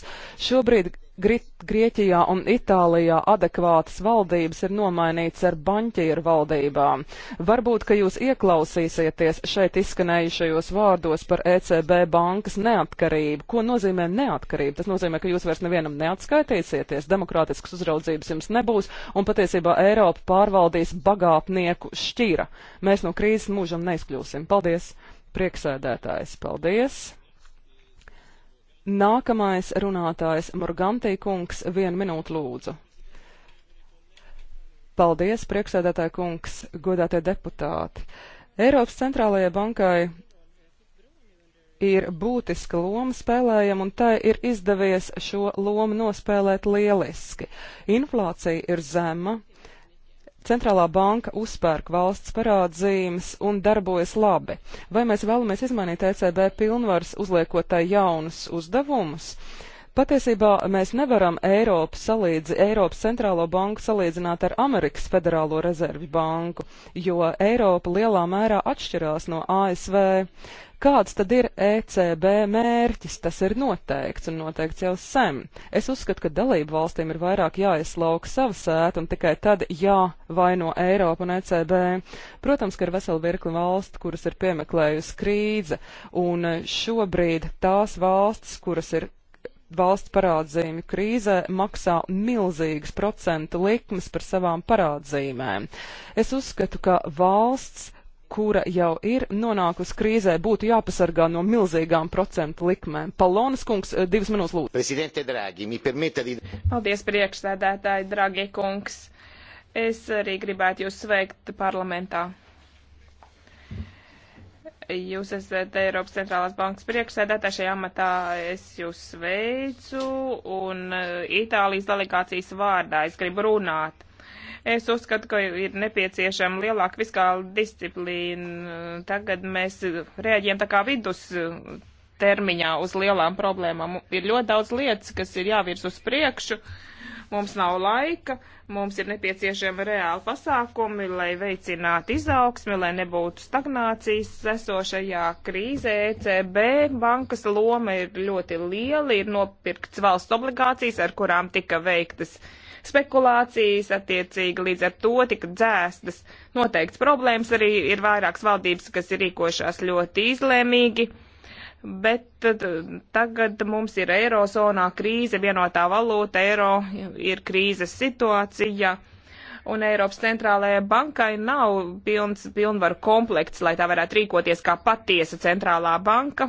S3: Šobrīd Grieķijā un Itālijā adekvātas valdības ir nomainīts ar baņķieru valdībām. Varbūt, ka jūs ieklausīsieties šeit izskanējušajos vārdos par ECB bankas neatkarību. Ko nozīmē neatkarība? Tas nozīmē, ka jūs vairs nevienam neatskaitīsieties, demokrātiskas uzraudzības jums nebūs un patiesībā Eiropa pārvaldīs bagātnieku šķīra. Mēs no krīzes mūžam neizkļūsim. Paldies! Prieksēdētājs, paldies! Nākamais runātājs Morgantī kungs, vienu minūtu lūdzu. Paldies, priekšsēdētāja kungs, godātie deputāti. Eiropas centrālajai bankai ir būtiska loma spēlējama, un tai ir izdevies šo lomu nospēlēt lieliski. Inflācija ir zema, Centrālā banka uzpērk valsts parādzīmes un darbojas labi. Vai mēs vēlamies izmainīt ECB pilnvaras, uzliekot tai jaunus uzdevumus? Patiesībā mēs nevaram Eiropas, salīdzi, Eiropas centrālo banku salīdzināt ar Amerikas Federālo rezervi banku, jo Eiropa lielā mērā atšķirās no ASV. Kāds tad ir ECB mērķis? Tas ir noteikts un noteikts jau sen. Es uzskatu, ka dalību valstīm ir vairāk jāieslauka sava sēta un tikai tad jāvaino Eiropa un ECB. Protams, ka ir vesela virkni valstu, kuras ir piemeklējusi krīze, un šobrīd tās valstis, kuras ir valsts parādzīmju krīzē maksā milzīgas procentu likmes par savām parādzīmēm. Es uzskatu, ka valsts kura jau ir nonākusi krīzē, būtu jāpasargā no milzīgām procentu likmēm. Palonas kungs, eh, divas minūtes lūdzu. Prezidente Dragi, mi permetta di...
S1: Paldies priekšsēdētāji, Dragi kungs. Es arī gribētu jūs sveikt parlamentā. Jūs esat Eiropas centrālās bankas priekšsēdētāja šajā amatā. Es jūs sveicu un eh, Itālijas delegācijas vārdā es gribu runāt Es uzskatu, ka ir nepieciešama lielāka fiskāla disciplīna. Tagad mēs rēģējam tā kā vidus termiņā uz lielām problēmām. Ir ļoti daudz lietas, kas ir jāvirs uz priekšu. Mums nav laika, mums ir nepieciešama reāla pasākumi, lai veicinātu izaugsmi, lai nebūtu stagnācijas esošajā krīzē. ECB bankas loma ir ļoti liela, ir nopirkts valsts obligācijas, ar kurām tika veiktas uh, spekulācijas, attiecīgi līdz ar to tika dzēstas noteikts problēmas, arī ir vairākas valdības, kas ir rīkošās ļoti izlēmīgi. Bet tagad mums ir eirozonā krīze, vienotā valūta, eiro ir krīzes situācija un Eiropas centrālajai bankai nav pilns pilnvaru komplekts, lai tā varētu rīkoties kā patiesa centrālā banka.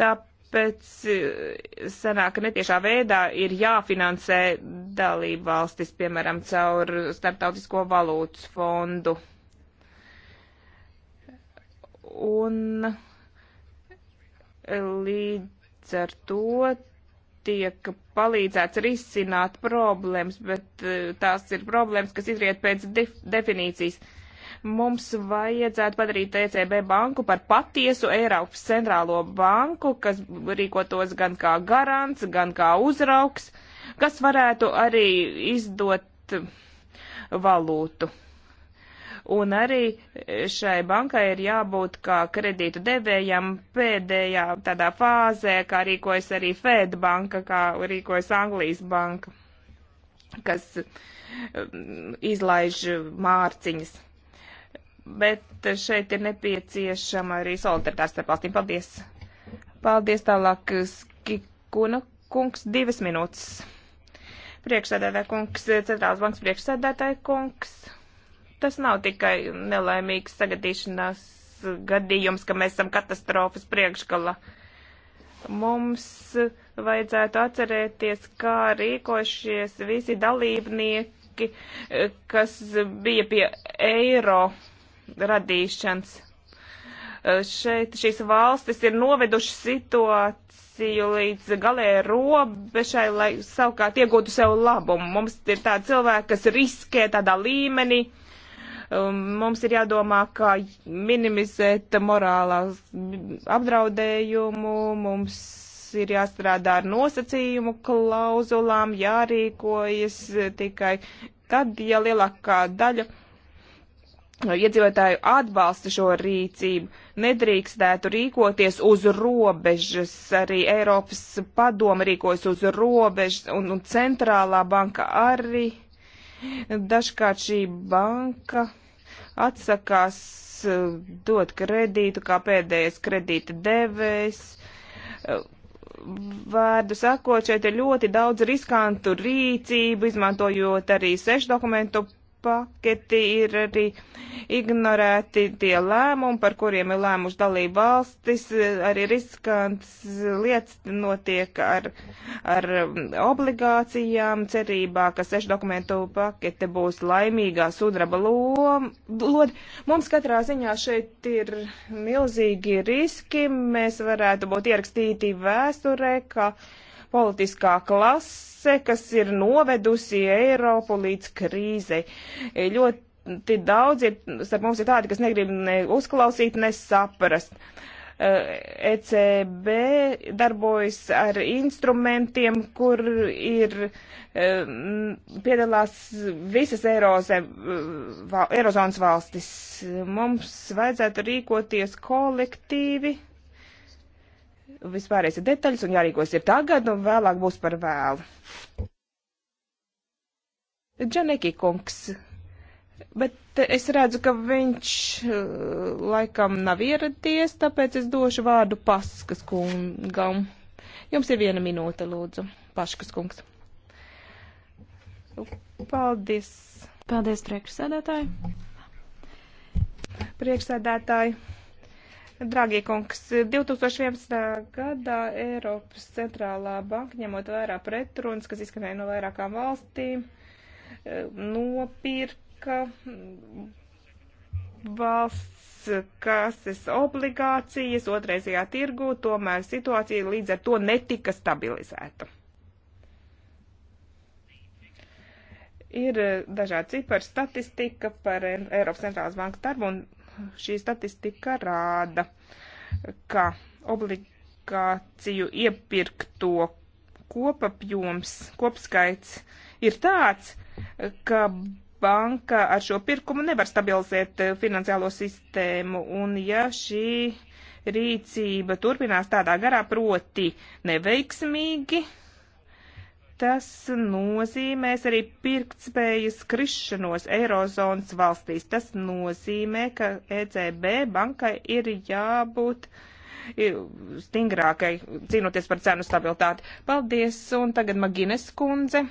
S1: Tā pēc eh, sanāka netiešā veidā ir jāfinansē dalību valstis, piemēram, caur starptautisko valūtas fondu. Un līdz ar to tiek palīdzēts risināt problēmas, bet eh, tās ir problēmas, kas izriet pēc definīcijas. Uh, Mums vajadzētu padarīt ECB banku par patiesu Eiropas centrālo banku, kas rīkotos gan kā garants, gan kā uzrauks, kas varētu arī izdot valūtu. Un arī šai bankai ir jābūt kā kredītu devējam pēdējā tādā fāzē, kā rīkojas arī Fed banka, kā rīkojas Anglijas banka kas um, izlaiž mārciņas bet šeit ir nepieciešama arī solidaritāte starp valstīm. Paldies! Paldies tālāk, Skikuna kungs, divas minūtes. Priekšsēdētāja kungs, centrālās bankas priekšsēdētāja kungs. Tas nav tikai nelaimīgs sagadīšanās gadījums, ka mēs esam katastrofas priekšgala. Mums vajadzētu atcerēties, kā rīkojušies visi dalībnieki, kas bija pie eiro radīšanas. Šeit šīs valstis ir novedušas situāciju līdz galēji robežai, lai savukārt iegūtu sev labumu. Mums ir tādi cilvēki, kas riskē tādā līmenī. Um, mums ir jādomā, kā minimizēt morālās apdraudējumu, mums ir jāstrādā ar nosacījumu klauzulām, jārīkojas tikai tad, ja lielākā daļa iedzīvotāju atbalsta šo rīcību, nedrīkstētu rīkoties uz robežas. Arī Eiropas padoma rīkojas uz robežas, un, un centrālā banka arī. Dažkārt šī banka atsakās eh, dot kredītu kā pēdējais kredīta devējs. Eh, vārdu sakot, šeit ir ļoti daudz riskantu rīcību, izmantojot arī sešu dokumentu paketi ir arī ignorēti tie lēmumi, par kuriem ir lēmuši dalību valstis, arī riskants lietas notiek ar, ar obligācijām, cerībā, ka sešu dokumentu pakete būs laimīgā sudraba lodi. Mums katrā ziņā šeit ir milzīgi riski, mēs varētu būt ierakstīti vēsturē, ka politiskā klase, kas ir novedusi Eiropu līdz krīzei. Ļoti daudz ir, starp mums ir tādi, kas negrib ne uzklausīt, ne saprast. ECB eh, e darbojas ar instrumentiem, kur ir eh, piedalās visas Eiroze, Eirozonas valstis. Mums vajadzētu rīkoties kolektīvi vispārējais ir detaļas un jārīkojas ir tagad, un vēlāk būs par vēlu. Džaneki kungs, bet es redzu, ka viņš eh, laikam nav ieradies, tāpēc es došu vārdu paskas kungam. Jums ir viena minūte, lūdzu, paškas kungs. Paldies. Paldies, priekšsēdētāji. Priekšsēdētāji. Dragie kungs, 2011. gadā Eiropas centrālā banka, ņemot vērā pretrunas, kas izskanēja no vairākām valstīm, eh, nopirka valsts kases obligācijas otrreizajā tirgu, tomēr situācija līdz ar to netika stabilizēta. Ir eh, dažādi cipari statistika par Eiropas centrālās bankas darbu un šī statistika rāda, ka obligāciju iepirkto kopapjoms, kopskaits ir tāds, ka banka ar šo pirkumu nevar stabilizēt eh, finansiālo sistēmu, un ja šī rīcība turpinās tādā garā proti neveiksmīgi, Tas nozīmēs arī pirktspējas krišanos Eirozonas valstīs. Tas nozīmē, ka ECB bankai ir jābūt stingrākai, cīnoties par cenu stabilitāti. Paldies, un tagad Magines kundze.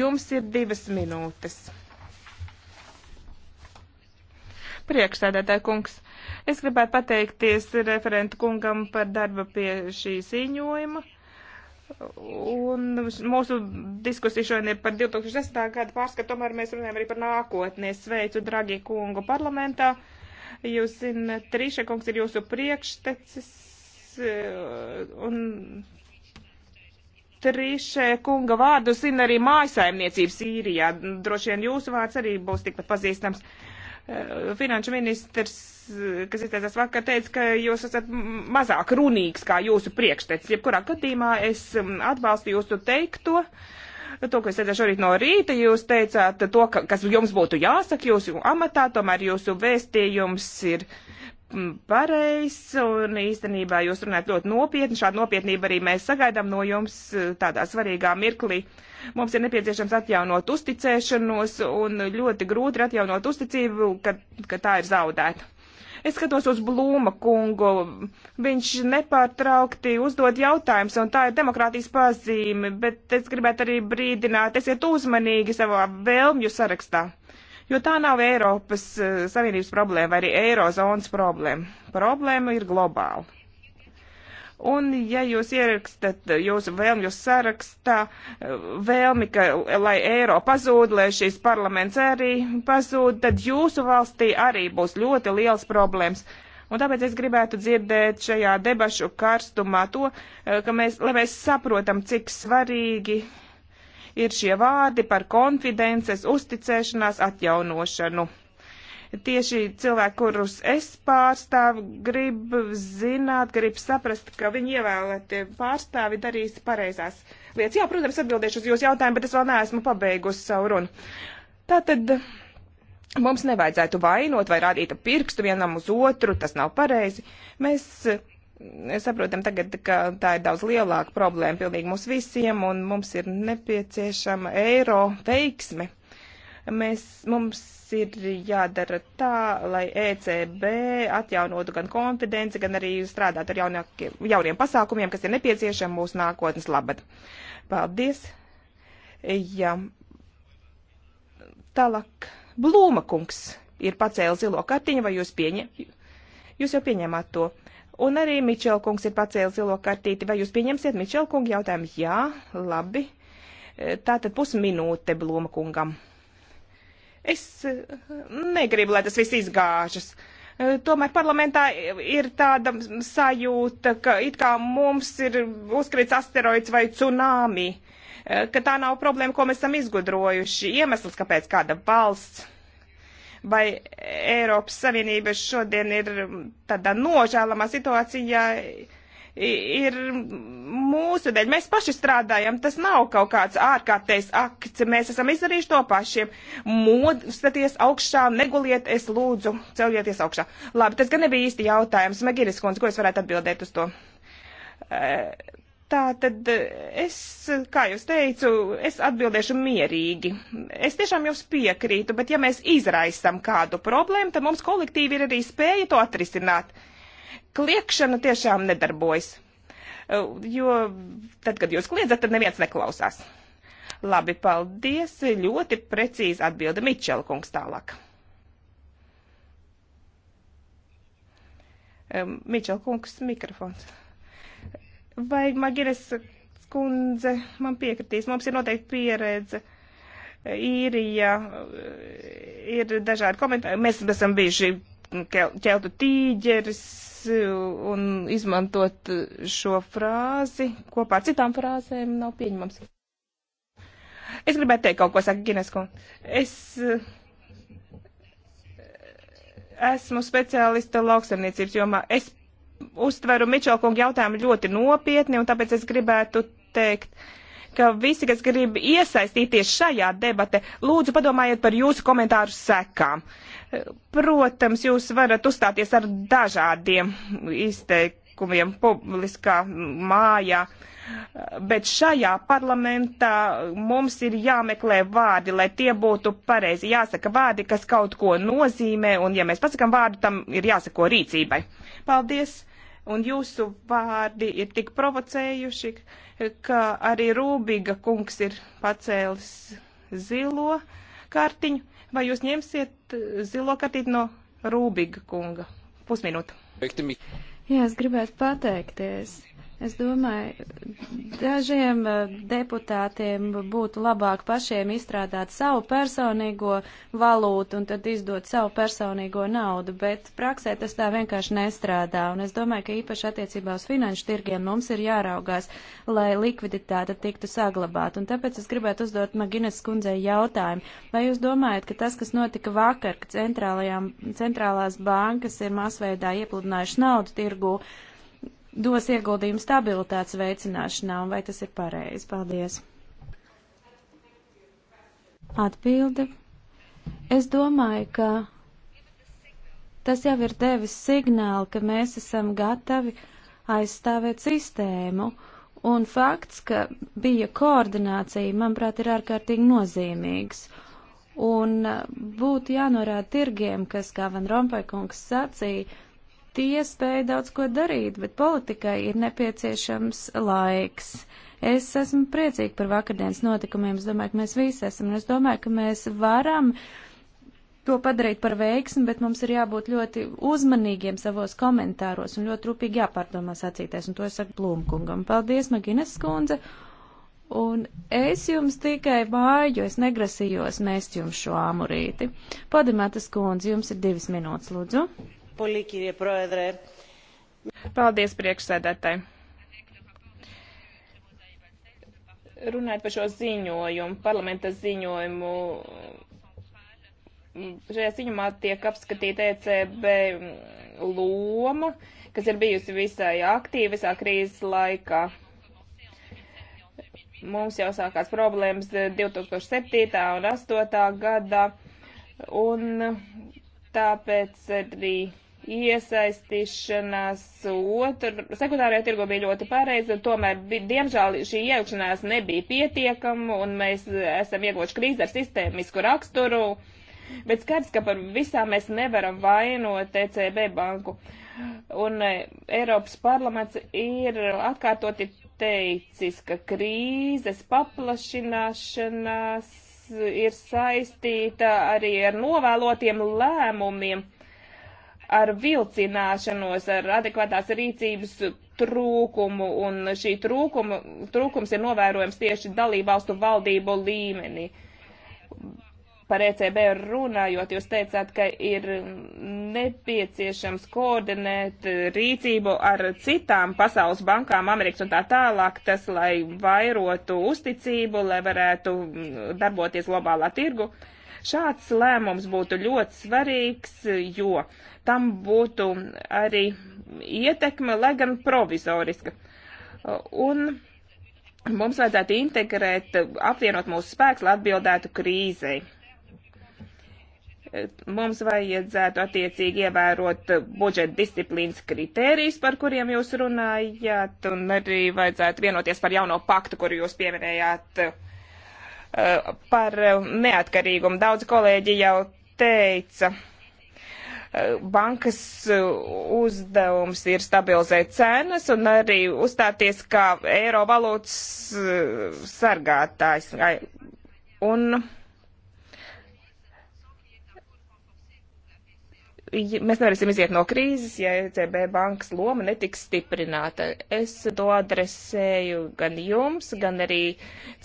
S1: Jums ir divas minūtes. Priekšsēdētāja kungs, es gribētu pateikties referentu kungam par darba pie šī ziņojuma. Un mūsu diskusija šodien ir par 2010. gadu pārskatu, tomēr mēs runājam arī par nākotni. Es sveicu Dragi kungu parlamentā. Jūs zināt, Trīša kungs ir jūsu priekštecis. Eh, un Trīša kunga vārdu zina arī mājasaimniecības īrijā. Droši vien jūsu vārds arī būs tikpat pazīstams. Uh, finanšu ministrs, kas izteicās vakar, teica, ka jūs esat mazāk runīgs kā jūsu priekštecis. Jebkurā gadījumā es atbalstu jūsu teikto. To, ko es teicu šorīt no rīta, jūs teicāt to, kas jums būtu jāsaka jūsu amatā, tomēr jūsu vēstījums ir pareizs un īstenībā jūs runājat ļoti nopietni. Šādu nopietnību arī mēs sagaidām no jums tādā svarīgā mirklī. Uh, Mums ir nepieciešams atjaunot uzticēšanos un ļoti grūti ir atjaunot uzticību, kad, kad tā ir zaudēta. Es skatos uz Blūma kungu. Viņš nepārtraukti uzdod jautājumus, un tā ir demokrātijas pazīme, bet es gribētu arī brīdināt, esiet uzmanīgi savā vēlmju sarakstā, jo tā nav Eiropas eh, Savienības problēma vai arī Eirozonas problēma. Problēma ir globāla. Un, ja jūs ierakstat jūsu vēlmju sarakstā, eh, vēlmi, ka, lai eiro pazūd, lai šīs parlaments arī pazūd, tad jūsu valstī arī būs ļoti liels problēmas. Un tāpēc es gribētu dzirdēt šajā debašu karstumā to, eh, ka mēs, lai mēs saprotam, cik svarīgi ir šie vārdi par konfidences, uzticēšanās atjaunošanu tieši cilvēki, kurus es pārstāvu, grib zināt, grib saprast, ka viņi ievēlētie pārstāvi darīs pareizās lietas. Jā, protams, atbildēšu uz jūsu jautājumu, bet es vēl neesmu pabeigusi savu runu. Tātad. Mums nevajadzētu vainot vai rādīt pirkstu vienam uz otru, tas nav pareizi. Mēs saprotam tagad, ka tā ir daudz lielāka problēma pilnīgi mums visiem, un mums ir nepieciešama eiro veiksme. Mēs, mums ir jādara tā, lai ECB atjaunotu gan konfidenci, gan arī strādātu ar jaunākiem, jauniem pasākumiem, kas ir nepieciešami mūsu nākotnes labad. Paldies! Ja. Tālāk, Blūma kungs ir pacēlis zilo kartiņu, vai jūs pieņemat? Jūs jau pieņemat to. Un arī Mičela kungs ir pacēlis zilo kartīti. Vai jūs pieņemsiet Mičela kungu jautājumu? Jā, labi. Tātad pusminūte Blūma kungam. Es eh, negribu, lai tas viss izgāžas. Eh, tomēr parlamentā ir tāda sajūta, ka it kā mums ir uzkrits asteroids vai cunami, eh, ka tā nav problēma, ko mēs esam izgudrojuši. Iemesls, kāpēc kāda valsts vai Eiropas Savienība šodien ir mm, tādā nožēlamā situācijā, ir mūsu dēļ. Mēs paši strādājam, tas nav kaut kāds ārkārtējs akts. Mēs esam izdarījuši to pašiem. Modaties augšā, neguliet, es lūdzu, ceļieties augšā. Labi, tas gan nebija īsti jautājums. Magiris Kons, ko es varētu atbildēt uz to? Tā tad es, kā jūs teicu, es atbildēšu mierīgi. Es tiešām jums piekrītu, bet ja mēs izraisam kādu problēmu, tad mums kolektīvi ir arī spēja to atrisināt. Uh, Kliekšana tiešām nedarbojas, e, jo tad, kad jūs kliedzat, tad neviens neklausās. Labi, paldies. Ļoti precīzi atbilda Mičela kungs tālāk. E, Mičela kungs mikrofons. Vai Magires kundze man piekritīs? Mums ir noteikti pieredze e, īrija ir dažādi komentāri. Mēs esam bijuši ķeltu tīģeris uh, un izmantot uh, šo frāzi kopā ar citām frāzēm nav pieņemams. Es gribētu teikt kaut ko, saka Ginesko. Es uh, esmu speciālista lauksaimniecības jomā. Es uztveru Mičelkungu jautājumu ļoti nopietni, un tāpēc es gribētu teikt, ka visi, kas grib iesaistīties šajā debate, lūdzu padomājiet par jūsu komentāru sekām. Uh, Protams, jūs varat uzstāties ar dažādiem izteikumiem publiskā mājā, bet šajā parlamentā mums ir jāmeklē vārdi, lai tie būtu pareizi. Jāsaka vārdi, kas kaut ko nozīmē, un ja mēs pasakam vārdu, tam ir jāsako rīcībai. Paldies! un jūsu vārdi ir tik provocējuši, ka arī Rūbīga kungs ir pacēlis zilo kartiņu. Vai jūs ņemsiet eh, zilo kartīti no Rūbiga kunga? Pusminūte.
S3: Jā,
S2: es gribētu pateikties Es domāju, dažiem eh, deputātiem būtu labāk pašiem izstrādāt savu personīgo valūtu un tad izdot savu personīgo naudu, bet praksē tas tā vienkārši nestrādā. Un es domāju, ka īpaši attiecībā uz finanšu tirgiem mums ir jāraugās, lai likviditāte tiktu saglabāta. Un tāpēc es gribētu uzdot Maginas skundzei jautājumu. Vai jūs domājat, ka tas, kas notika vakar, ka centrālās bankas ir masveidā iepludinājuši naudu tirgū, dos ieguldījumu stabilitātes veicināšanā, un vai tas ir pareizi? Paldies! Atbilde. Es domāju, ka tas jau ir devis signālu, ka mēs esam gatavi aizstāvēt sistēmu, un fakts, ka bija koordinācija, manuprāt, ir ārkārtīgi nozīmīgs. Un uh, būtu jānorāda tirgiem, kas, kā Van Rompaikungs sacīja, tie spēja daudz ko darīt, bet politikai ir nepieciešams laiks. Es esmu priecīgi par vakardienas notikumiem, es domāju, ka mēs visi esam, un es domāju, ka mēs varam to padarīt par veiksmi, bet mums ir jābūt ļoti uzmanīgiem savos komentāros un ļoti rūpīgi jāpārdomā sacītais, un to es saku Blūmkungam. Paldies, Maginas skundze, un es jums tikai māju, es negrasījos mēst jums šo amurīti. Padimēta skundze, jums ir divas minūtes, lūdzu.
S1: Πολύ, κύριε Πρόεδrē. Paldies, priekšsēdētāji. Runājot par šo ziņojumu, parlamenta ziņojumu, šajā ziņumā tiek apskatīta ECB loma, kas ir bijusi visai aktīva visā krīzes laikā. Mums jau sākās problēmas 2007. un 2008. gadā, un tāpēc arī iesaistīšanās otru, sekundārajā tirgo bija ļoti pareiza, tomēr, bija, diemžēl, šī iejaukšanās nebija pietiekama, un mēs esam ieguvuši krīzi ar sistēmisku raksturu, bet skaidrs, ka par visām mēs nevaram vainot ECB banku. Un e, Eiropas parlaments ir atkārtoti teicis, ka krīzes paplašināšanās ir saistīta arī ar novēlotiem lēmumiem ar vilcināšanos, ar adekvātās rīcības trūkumu, un šī trūkuma, trūkums ir novērojams tieši dalībvalstu valdību līmenī. Par ECB runājot, jūs teicāt, ka ir nepieciešams koordinēt rīcību ar citām pasaules bankām, Amerikas un tā tālāk, tas, lai vairotu uzticību, lai varētu darboties globālā tirgu. Uh, Šāds lēmums būtu ļoti svarīgs, jo tam būtu arī ietekme, lai gan provizoriska. Un mums vajadzētu integrēt, apvienot mūsu spēks, lai atbildētu krīzei. Mums vajadzētu attiecīgi ievērot budžeta disciplīnas kritērijas, par kuriem jūs runājāt, un arī vajadzētu vienoties par jauno paktu, kuru jūs pieminējāt uh, Eh, par eh, neatkarīgumu. Daudz kolēģi jau teica, eh, bankas uzdevums ir stabilizēt cenas un arī uzstāties kā eiro valūtas sargātājs. Un mēs nevarēsim iziet no krīzes, ja ECB bankas loma netiks stiprināta. Es to adresēju gan jums, gan arī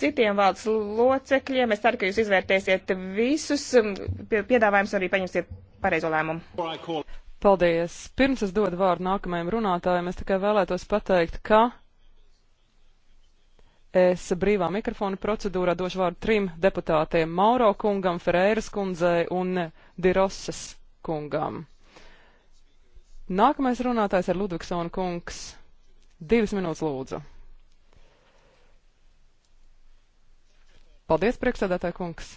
S1: citiem valdes locekļiem. Es ceru, ka jūs
S3: izvērtēsiet visus piedāvājumus un arī paņemsiet pareizo lēmumu. Paldies! Pirms es dodu vārdu nākamajam runātājam, es tikai vēlētos pateikt, ka Es brīvā mikrofona procedūrā došu vārdu trim deputātiem - Mauro kungam, Ferēras kundzei un Diroses kungam. Nākamais runātājs ir Ludvigsona kungs. Divas minūtes lūdzu. Paldies, priekšsēdētāji kungs.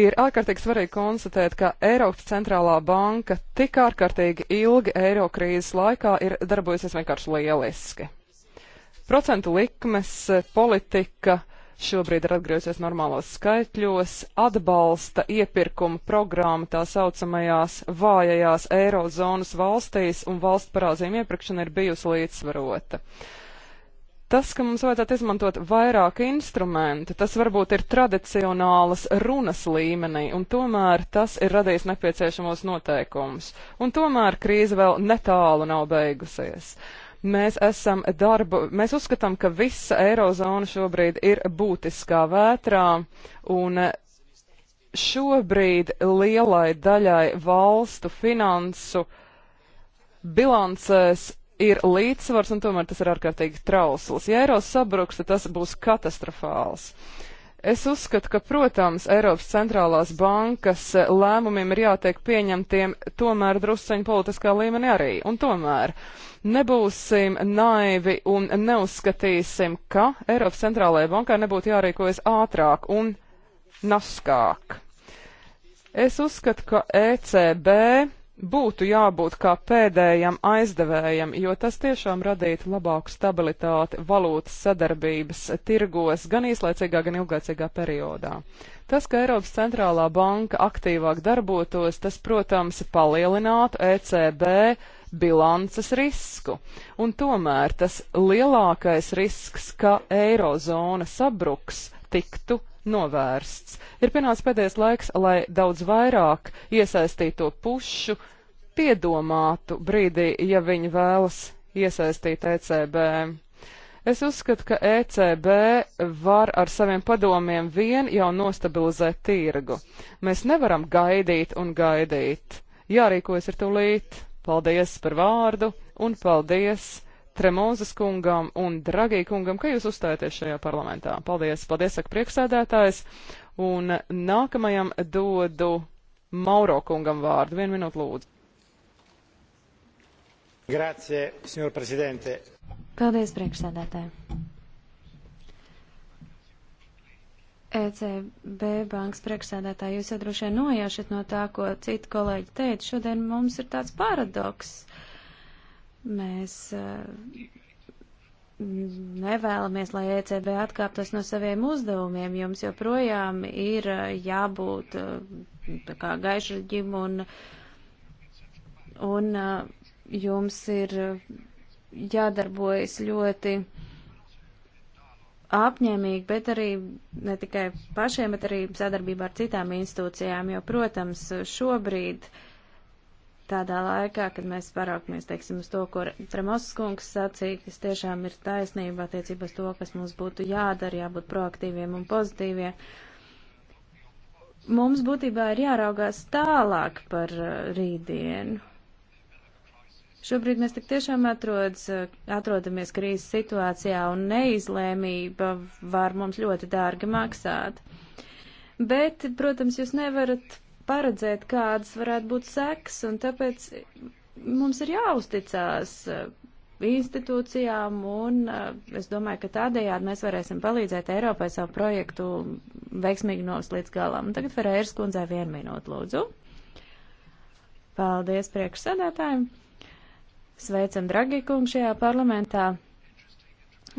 S3: Ir ārkārtīgi svarīgi konstatēt, ka Eiropas centrālā banka tik ārkārtīgi ilgi eiro krīzes laikā ir darbojusies vienkārši lieliski. Procentu likmes politika šobrīd ir atgriezies normālos skaitļos, atbalsta iepirkuma programma tā saucamajās vājajās eirozonas valstīs un valsts parāzījuma iepirkšana ir bijusi līdzsvarota. Tas, ka mums vajadzētu izmantot vairāk instrumentu, tas varbūt ir tradicionālas runas līmenī, un tomēr tas ir radījis nepieciešamos noteikumus. Un tomēr krīze vēl netālu nav beigusies. Uh, Mēs esam darbu, mēs uzskatām, ka visa eirozona šobrīd ir būtiskā vētrā un šobrīd lielai daļai valstu finansu bilancēs ir līdzsvars, un tomēr tas ir ārkārtīgi trausls. Ja eiro sabruks, tad tas būs katastrofāls. Es uzskatu, ka, protams, Eiropas centrālās bankas lēmumiem ir jātiek pieņemtiem tomēr drusceņu politiskā līmenī arī. Un tomēr Nebūsim naivi un neuzskatīsim, ka Eiropas centrālajai bankai nebūtu jārīkojas ātrāk un naskāk. Es uzskatu, ka ECB būtu jābūt kā pēdējam aizdevējam, jo tas tiešām radītu labāku stabilitāti valūtas sadarbības tirgos gan īslaicīgā, gan ilglaicīgā periodā. Tas, ka Eiropas centrālā banka aktīvāk darbotos, tas, protams, palielinātu ECB bilances risku. Un tomēr tas lielākais risks, ka eirozona sabruks, tiktu novērsts. Ir pienācis pēdējais laiks, lai daudz vairāk iesaistīto pušu piedomātu brīdī, ja viņi vēlas iesaistīt ECB. Es uzskatu, ka ECB var ar saviem padomiem vien jau nostabilizēt tirgu. Mēs nevaram gaidīt un gaidīt. Jārīkojas ir tūlīt. Paldies par vārdu un paldies Tremozes kungam un Dragī kungam, ka jūs uzstājaties šajā parlamentā. Paldies, paldies, saka priekšsēdētājs. Un nākamajam dodu Mauro kungam vārdu. Vienu minūtu
S2: lūdzu. Grazie, signor Presidente. Paldies, priekšsēdētāji. ECB bankas priekšsēdētāji, jūs jau droši vien nojaušat no tā, ko citi kolēģi teica. Šodien mums ir tāds paradoks. Mēs e, nevēlamies, lai ECB atkāptos no saviem uzdevumiem. Jums joprojām ir e, jābūt e, tā kā gaišaģim un, un jums ir jādarbojas ļoti apņēmīgi, bet arī ne tikai pašiem, bet arī sadarbībā ar citām institūcijām, jo, protams, šobrīd tādā laikā, kad mēs paraugamies, teiksim, uz to, ko Tremosas kungs sacīja, kas tiešām ir taisnība attiecībās to, kas mums būtu jādara, jābūt proaktīviem un pozitīviem. Mums būtībā ir jāraugās tālāk par uh, rītdienu Šobrīd mēs tik tiešām atrodas, atrodamies krīzes situācijā un neizlēmība var mums ļoti dārgi maksāt. Bet, protams, jūs nevarat paredzēt, kādas varētu būt seks, un tāpēc mums ir jāuzticās uh, institūcijām, un uh, es domāju, ka tādējādi mēs varēsim palīdzēt Eiropai savu projektu veiksmīgi novest līdz galam. Un tagad Ferēras kundzē vienu minūtu, lūdzu. Paldies priekšsēdētājiem! Sveicam, Dragi kungs, šajā parlamentā.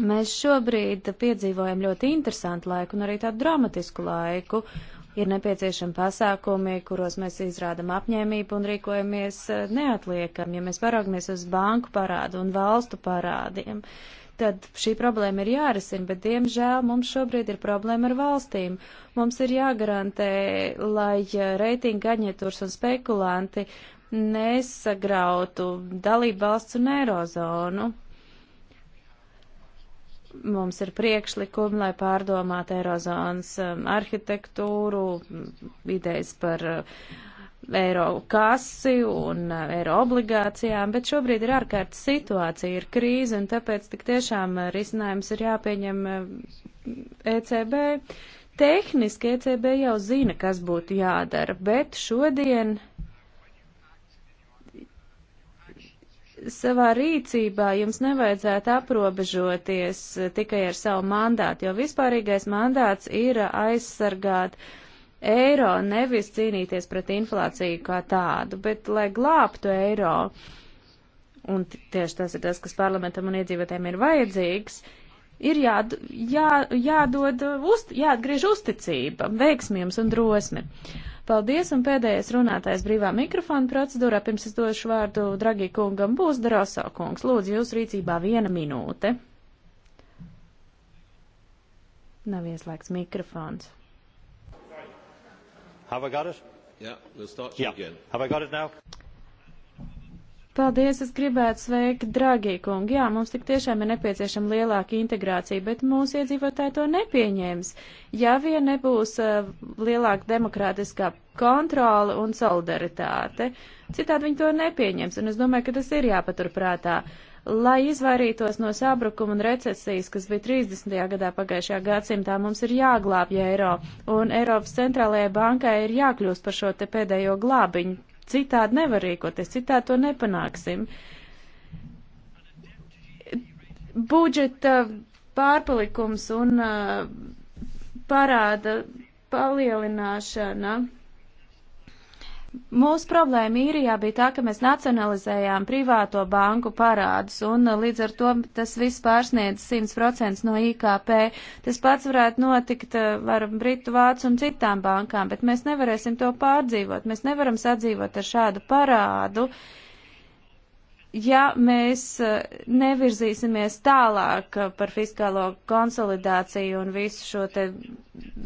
S2: Mēs šobrīd piedzīvojam ļoti interesantu laiku un arī tādu dramatisku laiku. Ir nepieciešami pasākumi, kuros mēs izrādam apņēmību un rīkojamies eh, neatliekam. Ja mēs paraugamies uz banku parādu un valstu parādiem, tad šī problēma ir jārisina, bet diemžēl mums šobrīd ir problēma ar valstīm. Mums ir jāgarantē, lai eh, reitinga aģentūras un spekulanti uh, nesagrautu dalību valsts un eirozonu. Mums ir priekšlikumi, lai pārdomātu eirozonas um, arhitektūru, idejas par uh, eiro kasi un uh, eiro obligācijām, bet šobrīd ir ārkārtas situācija, ir krīze, un tāpēc tik tiešām uh, risinājums ir jāpieņem ECB. Tehniski ECB jau zina, kas būtu jādara, bet šodien savā rīcībā jums nevajadzētu aprobežoties eh, tikai ar savu mandātu, jo vispārīgais mandāts ir eh, aizsargāt eiro, nevis cīnīties pret inflāciju kā tādu, bet lai glābtu eiro, un tieši tas ir tas, kas parlamentam un iedzīvotājiem ir vajadzīgs, ir jā, jā, jādod, uz, jāatgriež uzticība, veiksmījums un drosme. Uh, Paldies, un pēdējais runātājs brīvā mikrofona procedūrā, pirms es došu vārdu Dragī kungam, būs Daroso kungs. Lūdzu, jūs rīcībā viena minūte. Nav ieslēgts mikrofons.
S1: Have I got it? Yeah, we'll start yeah. again. Have I got it now?
S2: Paldies, es gribētu sveikt, dragie kungi. Jā, mums tik tiešām ir nepieciešama lielāka integrācija, bet mūsu iedzīvotāji to nepieņēms. Ja vien nebūs uh, lielāka demokrātiskā kontrola un solidaritāte, citādi viņi to nepieņems, un es domāju, ka tas ir jāpaturprātā. Lai izvairītos no sabrukuma un recesijas, kas bija 30. gadā pagājušajā gadsimtā, mums ir jāglābj eiro, un Eiropas centrālajai bankai ir jākļūst par šo te pēdējo glābiņu Citādi nevar rīkoties, citādi to nepanāksim. Budžeta pārpalikums un uh, parāda palielināšana Mūsu problēma īrijā bija tā, ka mēs nacionalizējām privāto banku parādus, un uh, līdz ar to tas viss pārsniedz 100% no IKP. Tas pats varētu notikt uh, ar Britu, Vācu un citām bankām, bet mēs nevarēsim to pārdzīvot. Mēs nevaram sadzīvot ar šādu parādu. Uh, ja mēs eh, nevirzīsimies tālāk eh, par fiskālo konsolidāciju un visu šo te,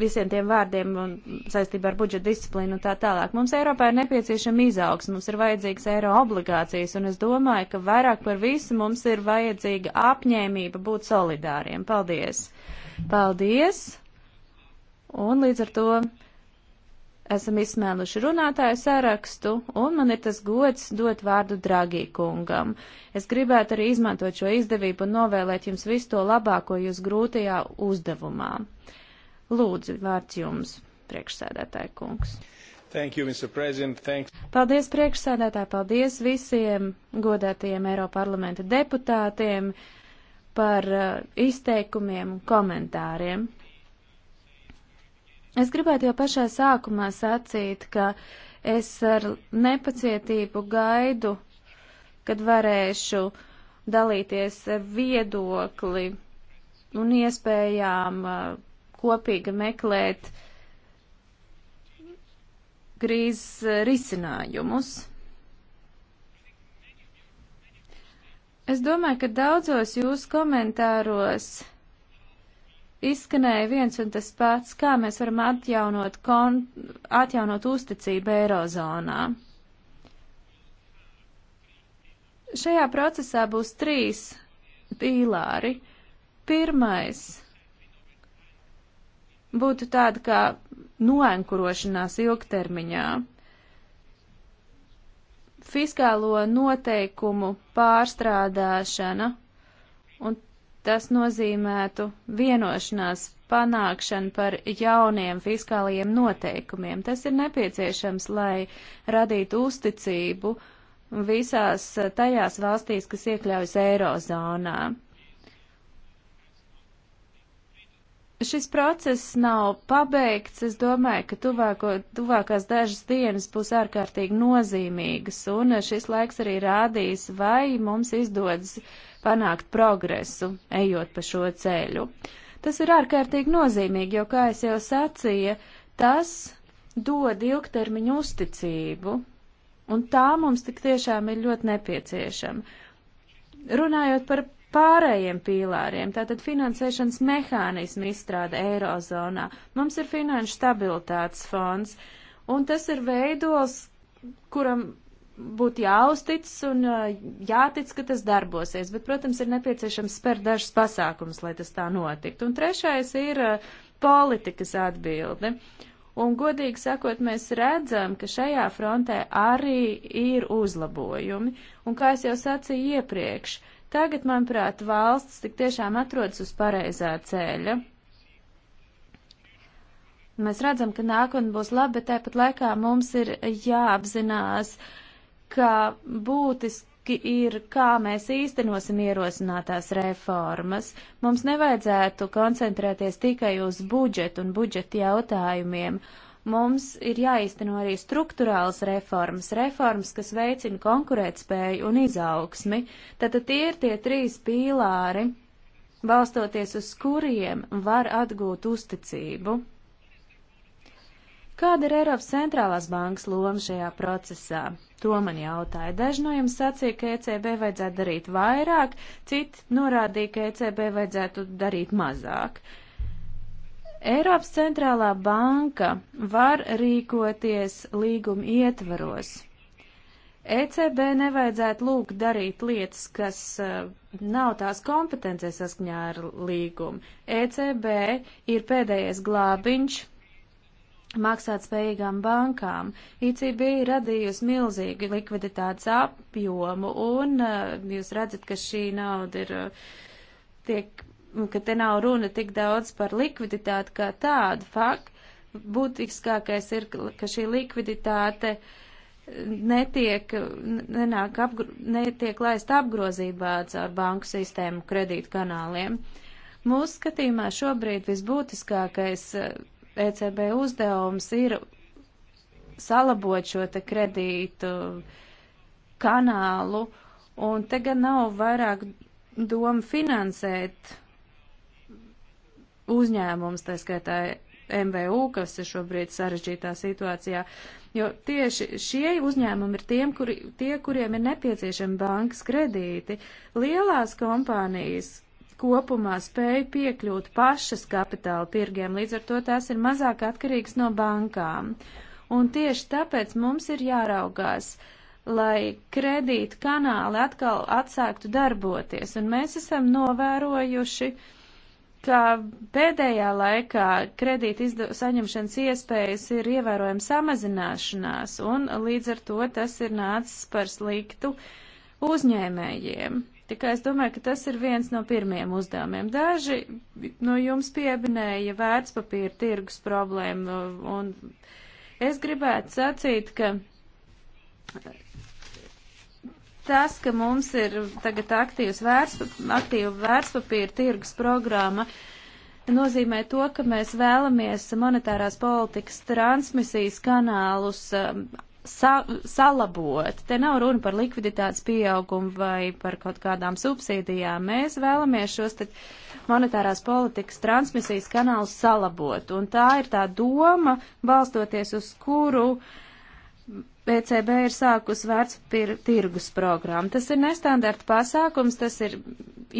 S2: visiem tiem vārdiem un saistībā ar budžeta disciplīnu un tā tālāk, mums Eiropā ir nepieciešama izaugs, mums ir vajadzīgs eiro obligācijas, un es domāju, ka vairāk par visu mums ir vajadzīga apņēmība būt solidāriem. Paldies! Paldies! Un līdz ar to esam izsmēluši runātāju sarakstu, un man ir tas gods dot vārdu Dragī kungam. Es gribētu arī izmantot šo izdevību un novēlēt jums visu to labāko jūs grūtajā uzdevumā. Lūdzu, vārds jums, priekšsēdētāji kungs. Thank you, Mr. President. Thanks. Paldies, priekšsēdētāji, paldies visiem godētajiem Eiroparlamenta deputātiem par uh, izteikumiem un komentāriem. Es gribētu jau pašā sākumā sacīt, ka es ar nepacietību gaidu, kad varēšu dalīties ar viedokli un iespējām uh, kopīgi meklēt krīzes uh, risinājumus. Es domāju, ka daudzos jūsu komentāros izskanēja viens un tas pats, kā mēs varam atjaunot, kon, atjaunot uzticību Eirozonā. Šajā procesā būs trīs pīlāri. Pirmais būtu tāda kā noenkurošanās ilgtermiņā, fiskālo noteikumu pārstrādāšana un tas nozīmētu vienošanās panākšanu par jauniem fiskālajiem noteikumiem. Tas ir nepieciešams, lai radītu uzticību visās tajās valstīs, kas iekļaujas Eirozonā. šis process nav pabeigts. Es domāju, ka tuvāko, tuvākās dažas dienas būs ārkārtīgi nozīmīgas, un šis laiks arī rādīs, vai mums izdodas panākt progresu, ejot pa šo ceļu. Tas ir ārkārtīgi nozīmīgi, jo, kā es jau sacīju, tas dod ilgtermiņu uzticību, un tā mums tik tiešām ir ļoti nepieciešama. Runājot par pārējiem pīlāriem, tātad finansēšanas mehānismu izstrāda Eirozonā. Mums ir finanšu stabilitātes fonds, un tas ir veidos, kuram būtu jāuztic un jātic, ka tas darbosies, bet, protams, ir nepieciešams spērt dažus pasākumus, lai tas tā notiktu. Un trešais ir politikas atbilde. Un, godīgi sakot, mēs redzam, ka šajā frontē arī ir uzlabojumi. Un, kā es jau sacīju iepriekš, uh, Tagad, manuprāt, valsts tik tiešām atrodas uz pareizā ceļa. Mēs redzam, ka nākotnē būs labi, bet tāpat laikā mums ir jāapzinās, ka būtiski ir, kā mēs īstenosim ierosinātās reformas. Mums nevajadzētu koncentrēties tikai uz budžetu un budžeta jautājumiem Mums ir jāīsteno arī struktūrāls reformas, reformas, kas veicina konkurētspēju un izaugsmi. Tātad tie ir tie trīs pīlāri, balstoties uz kuriem var atgūt uzticību. Kāda ir Eiropas centrālās bankas loma šajā procesā? To man jautāja. Daži no jums sacīja, ka ECB vajadzētu darīt vairāk, citi norādīja, ka ECB vajadzētu darīt mazāk. Eiropas centrālā banka var rīkoties līguma ietvaros. ECB nevajadzētu lūgt darīt lietas, kas uh, nav tās kompetences saskaņā ar līgumu. ECB ir pēdējais glābiņš maksāt spējīgām bankām. ECB ir radījusi milzīgu likviditātes apjomu, un uh, jūs redzat, ka šī nauda ir uh, tiek ka te nav runa tik daudz par likviditāti kā tādu. Fakt, būtiskākais ir, ka šī likviditāte netiek, nenāk apgr netiek laist apgrozībā caur banku sistēmu kredītu kanāliem. Mūsu skatījumā šobrīd visbūtiskākais ECB eh, e uzdevums ir salabot šo te kredītu kanālu, un te gan nav vairāk doma finansēt uzņēmums, tā skaitā MVU, kas ir šobrīd sarežģītā situācijā, jo tieši šie uzņēmumi ir tiem, kuri, tie, kuriem ir nepieciešami bankas kredīti. Lielās kompānijas kopumā spēja piekļūt pašas kapitāla tirgiem, līdz ar to tās ir mazāk atkarīgas no bankām. Un tieši tāpēc mums ir jāraugās, lai kredītu kanāli atkal atsāktu darboties, un mēs esam novērojuši, uh, ka pēdējā laikā kredīta saņemšanas iespējas ir ievērojami samazināšanās, un līdz ar to tas ir nācis par sliktu uzņēmējiem. Tikai es domāju, ka tas ir viens no pirmiem uzdevumiem. Daži no jums pieminēja vērtspapīra tirgus problēmu, un es gribētu sacīt, ka tas, ka mums ir tagad aktīvs vērtsp aktīva vērtspapīra tirgus programma, nozīmē to, ka mēs vēlamies monetārās politikas transmisijas kanālus um, sa salabot. Te nav runa par likviditātes pieaugumu vai par kaut kādām subsīdijām. Mēs vēlamies šos tad monetārās politikas transmisijas kanālus salabot. Un tā ir tā doma, balstoties uz kuru uh, ECB ir sākus vērts pir, tirgus programmu. Tas ir nestandarta pasākums, tas ir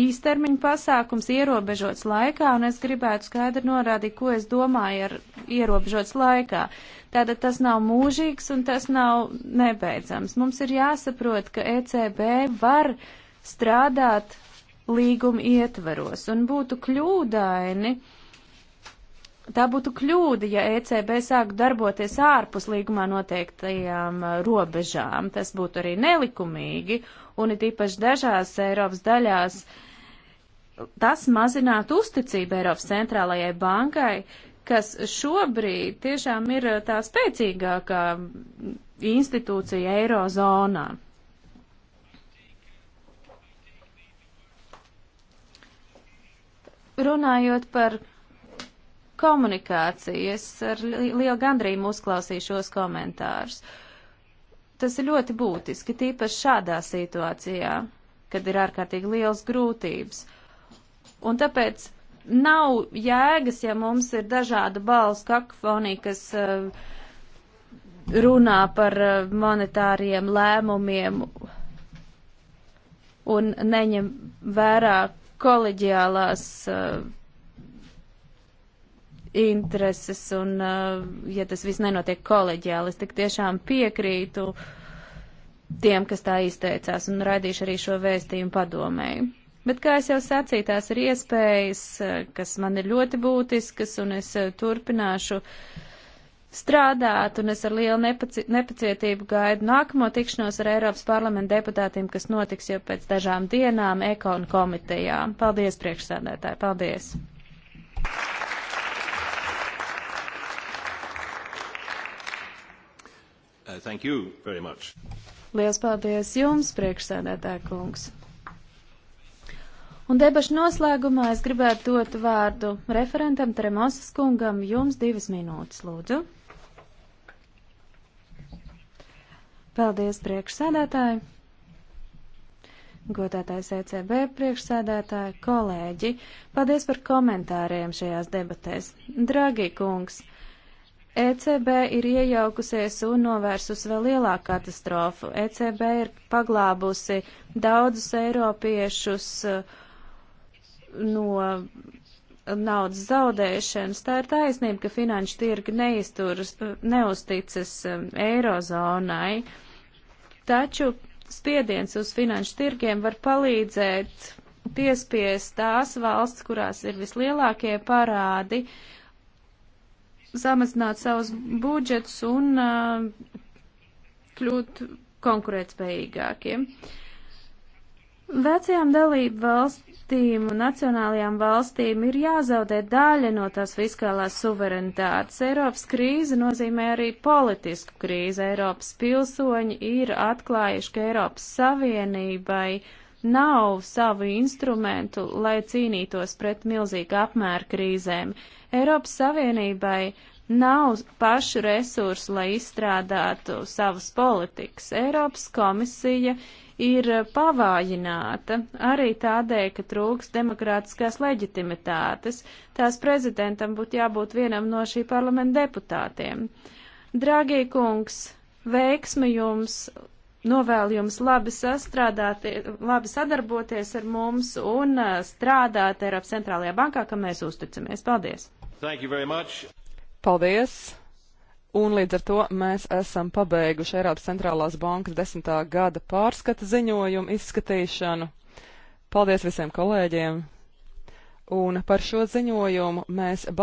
S2: īstermiņa pasākums, ierobežots laikā, un es gribētu skaidri norādīt, ko es domāju ar ierobežots laikā. Tātad tas nav mūžīgs un tas nav nebeidzams. Mums ir jāsaprot, ka ECB var strādāt līguma ietvaros, un būtu kļūdaini, uh, Tā būtu kļūda, ja ECB sāktu darboties ārpus līgumā noteiktajām uh, robežām. Tas būtu arī nelikumīgi, un it īpaši dažās Eiropas daļās tas mazinātu uzticību Eiropas centrālajai bankai, kas šobrīd tiešām ir uh, tā spēcīgākā institūcija Eirozonā. Runājot par komunikāciju. Es ar lielu gandrību uzklausīju šos komentārus. Tas ir ļoti būtiski, tīpaši šādā situācijā, kad ir ārkārtīgi liels grūtības. Un tāpēc nav jēgas, ja mums ir dažāda balss kakfonija, kas uh, runā par uh, monetāriem lēmumiem un neņem vērā koleģiālās uh, eh, intereses un, eh, ja tas viss nenotiek koleģiāli, es tik tiešām piekrītu tiem, kas tā izteicās un raidīšu arī šo vēstījumu padomēju. Bet, kā es jau sacīju, tās ir iespējas, eh, kas man ir ļoti būtiskas un es eh, turpināšu strādāt un es ar lielu nepaci nepacietību gaidu nākamo tikšanos ar Eiropas parlamenta deputātiem, kas notiks jau pēc dažām dienām ekonu komitejām. Paldies, priekšsēdētāji, paldies! Thank you.
S1: Uh, thank you very much.
S2: Lielas paldies jums, priekšsēdētāja kungs. Un debašu noslēgumā es gribētu dot vārdu referentam Tremosas kungam. Jums divas minūtes, lūdzu. Paldies, priekšsēdētāji. Godātais ECB priekšsēdētāji, kolēģi, paldies par komentāriem šajās debatēs. Dragi kungs! ECB ir iejaukusies un novērsus vēl lielāku katastrofu. ECB ir paglābusi daudzus eiropiešus eh, no naudas zaudēšanas. Tā ir taisnība, ka finanšu tirgi neizturas, neusticas eh, eirozonai, taču spiediens uz finanšu tirgiem var palīdzēt piespiest tās valsts, kurās ir vislielākie parādi, uh, samazināt savus budžetus un uh, kļūt konkurētspējīgākiem. Vecajām dalību valstīm un nacionālajām valstīm ir jāzaudē daļa no tās fiskālās suverenitātes. Eiropas krīze nozīmē arī politisku krīzi. Eiropas pilsoņi ir atklājuši, ka Eiropas Savienībai uh, nav savu instrumentu, lai cīnītos pret milzīgu apmēru krīzēm. Eiropas Savienībai nav pašu resursu, lai izstrādātu savas politikas. Eiropas komisija ir pavājināta arī tādēļ, ka trūks demokrātiskās leģitimitātes. Tās prezidentam būtu jābūt vienam no šī parlamenta deputātiem. Dragie kungs, veiksmi jums Novēlu jums labi sastrādāties, labi sadarboties ar mums un uh, strādāt Eiropas centrālajā bankā, kam mēs uzticamies. Paldies! Paldies!
S3: Un līdz ar to mēs esam pabeiguši Eiropas centrālās bankas desmitā gada pārskata ziņojumu izskatīšanu. Paldies visiem kolēģiem! Un par šo ziņojumu mēs.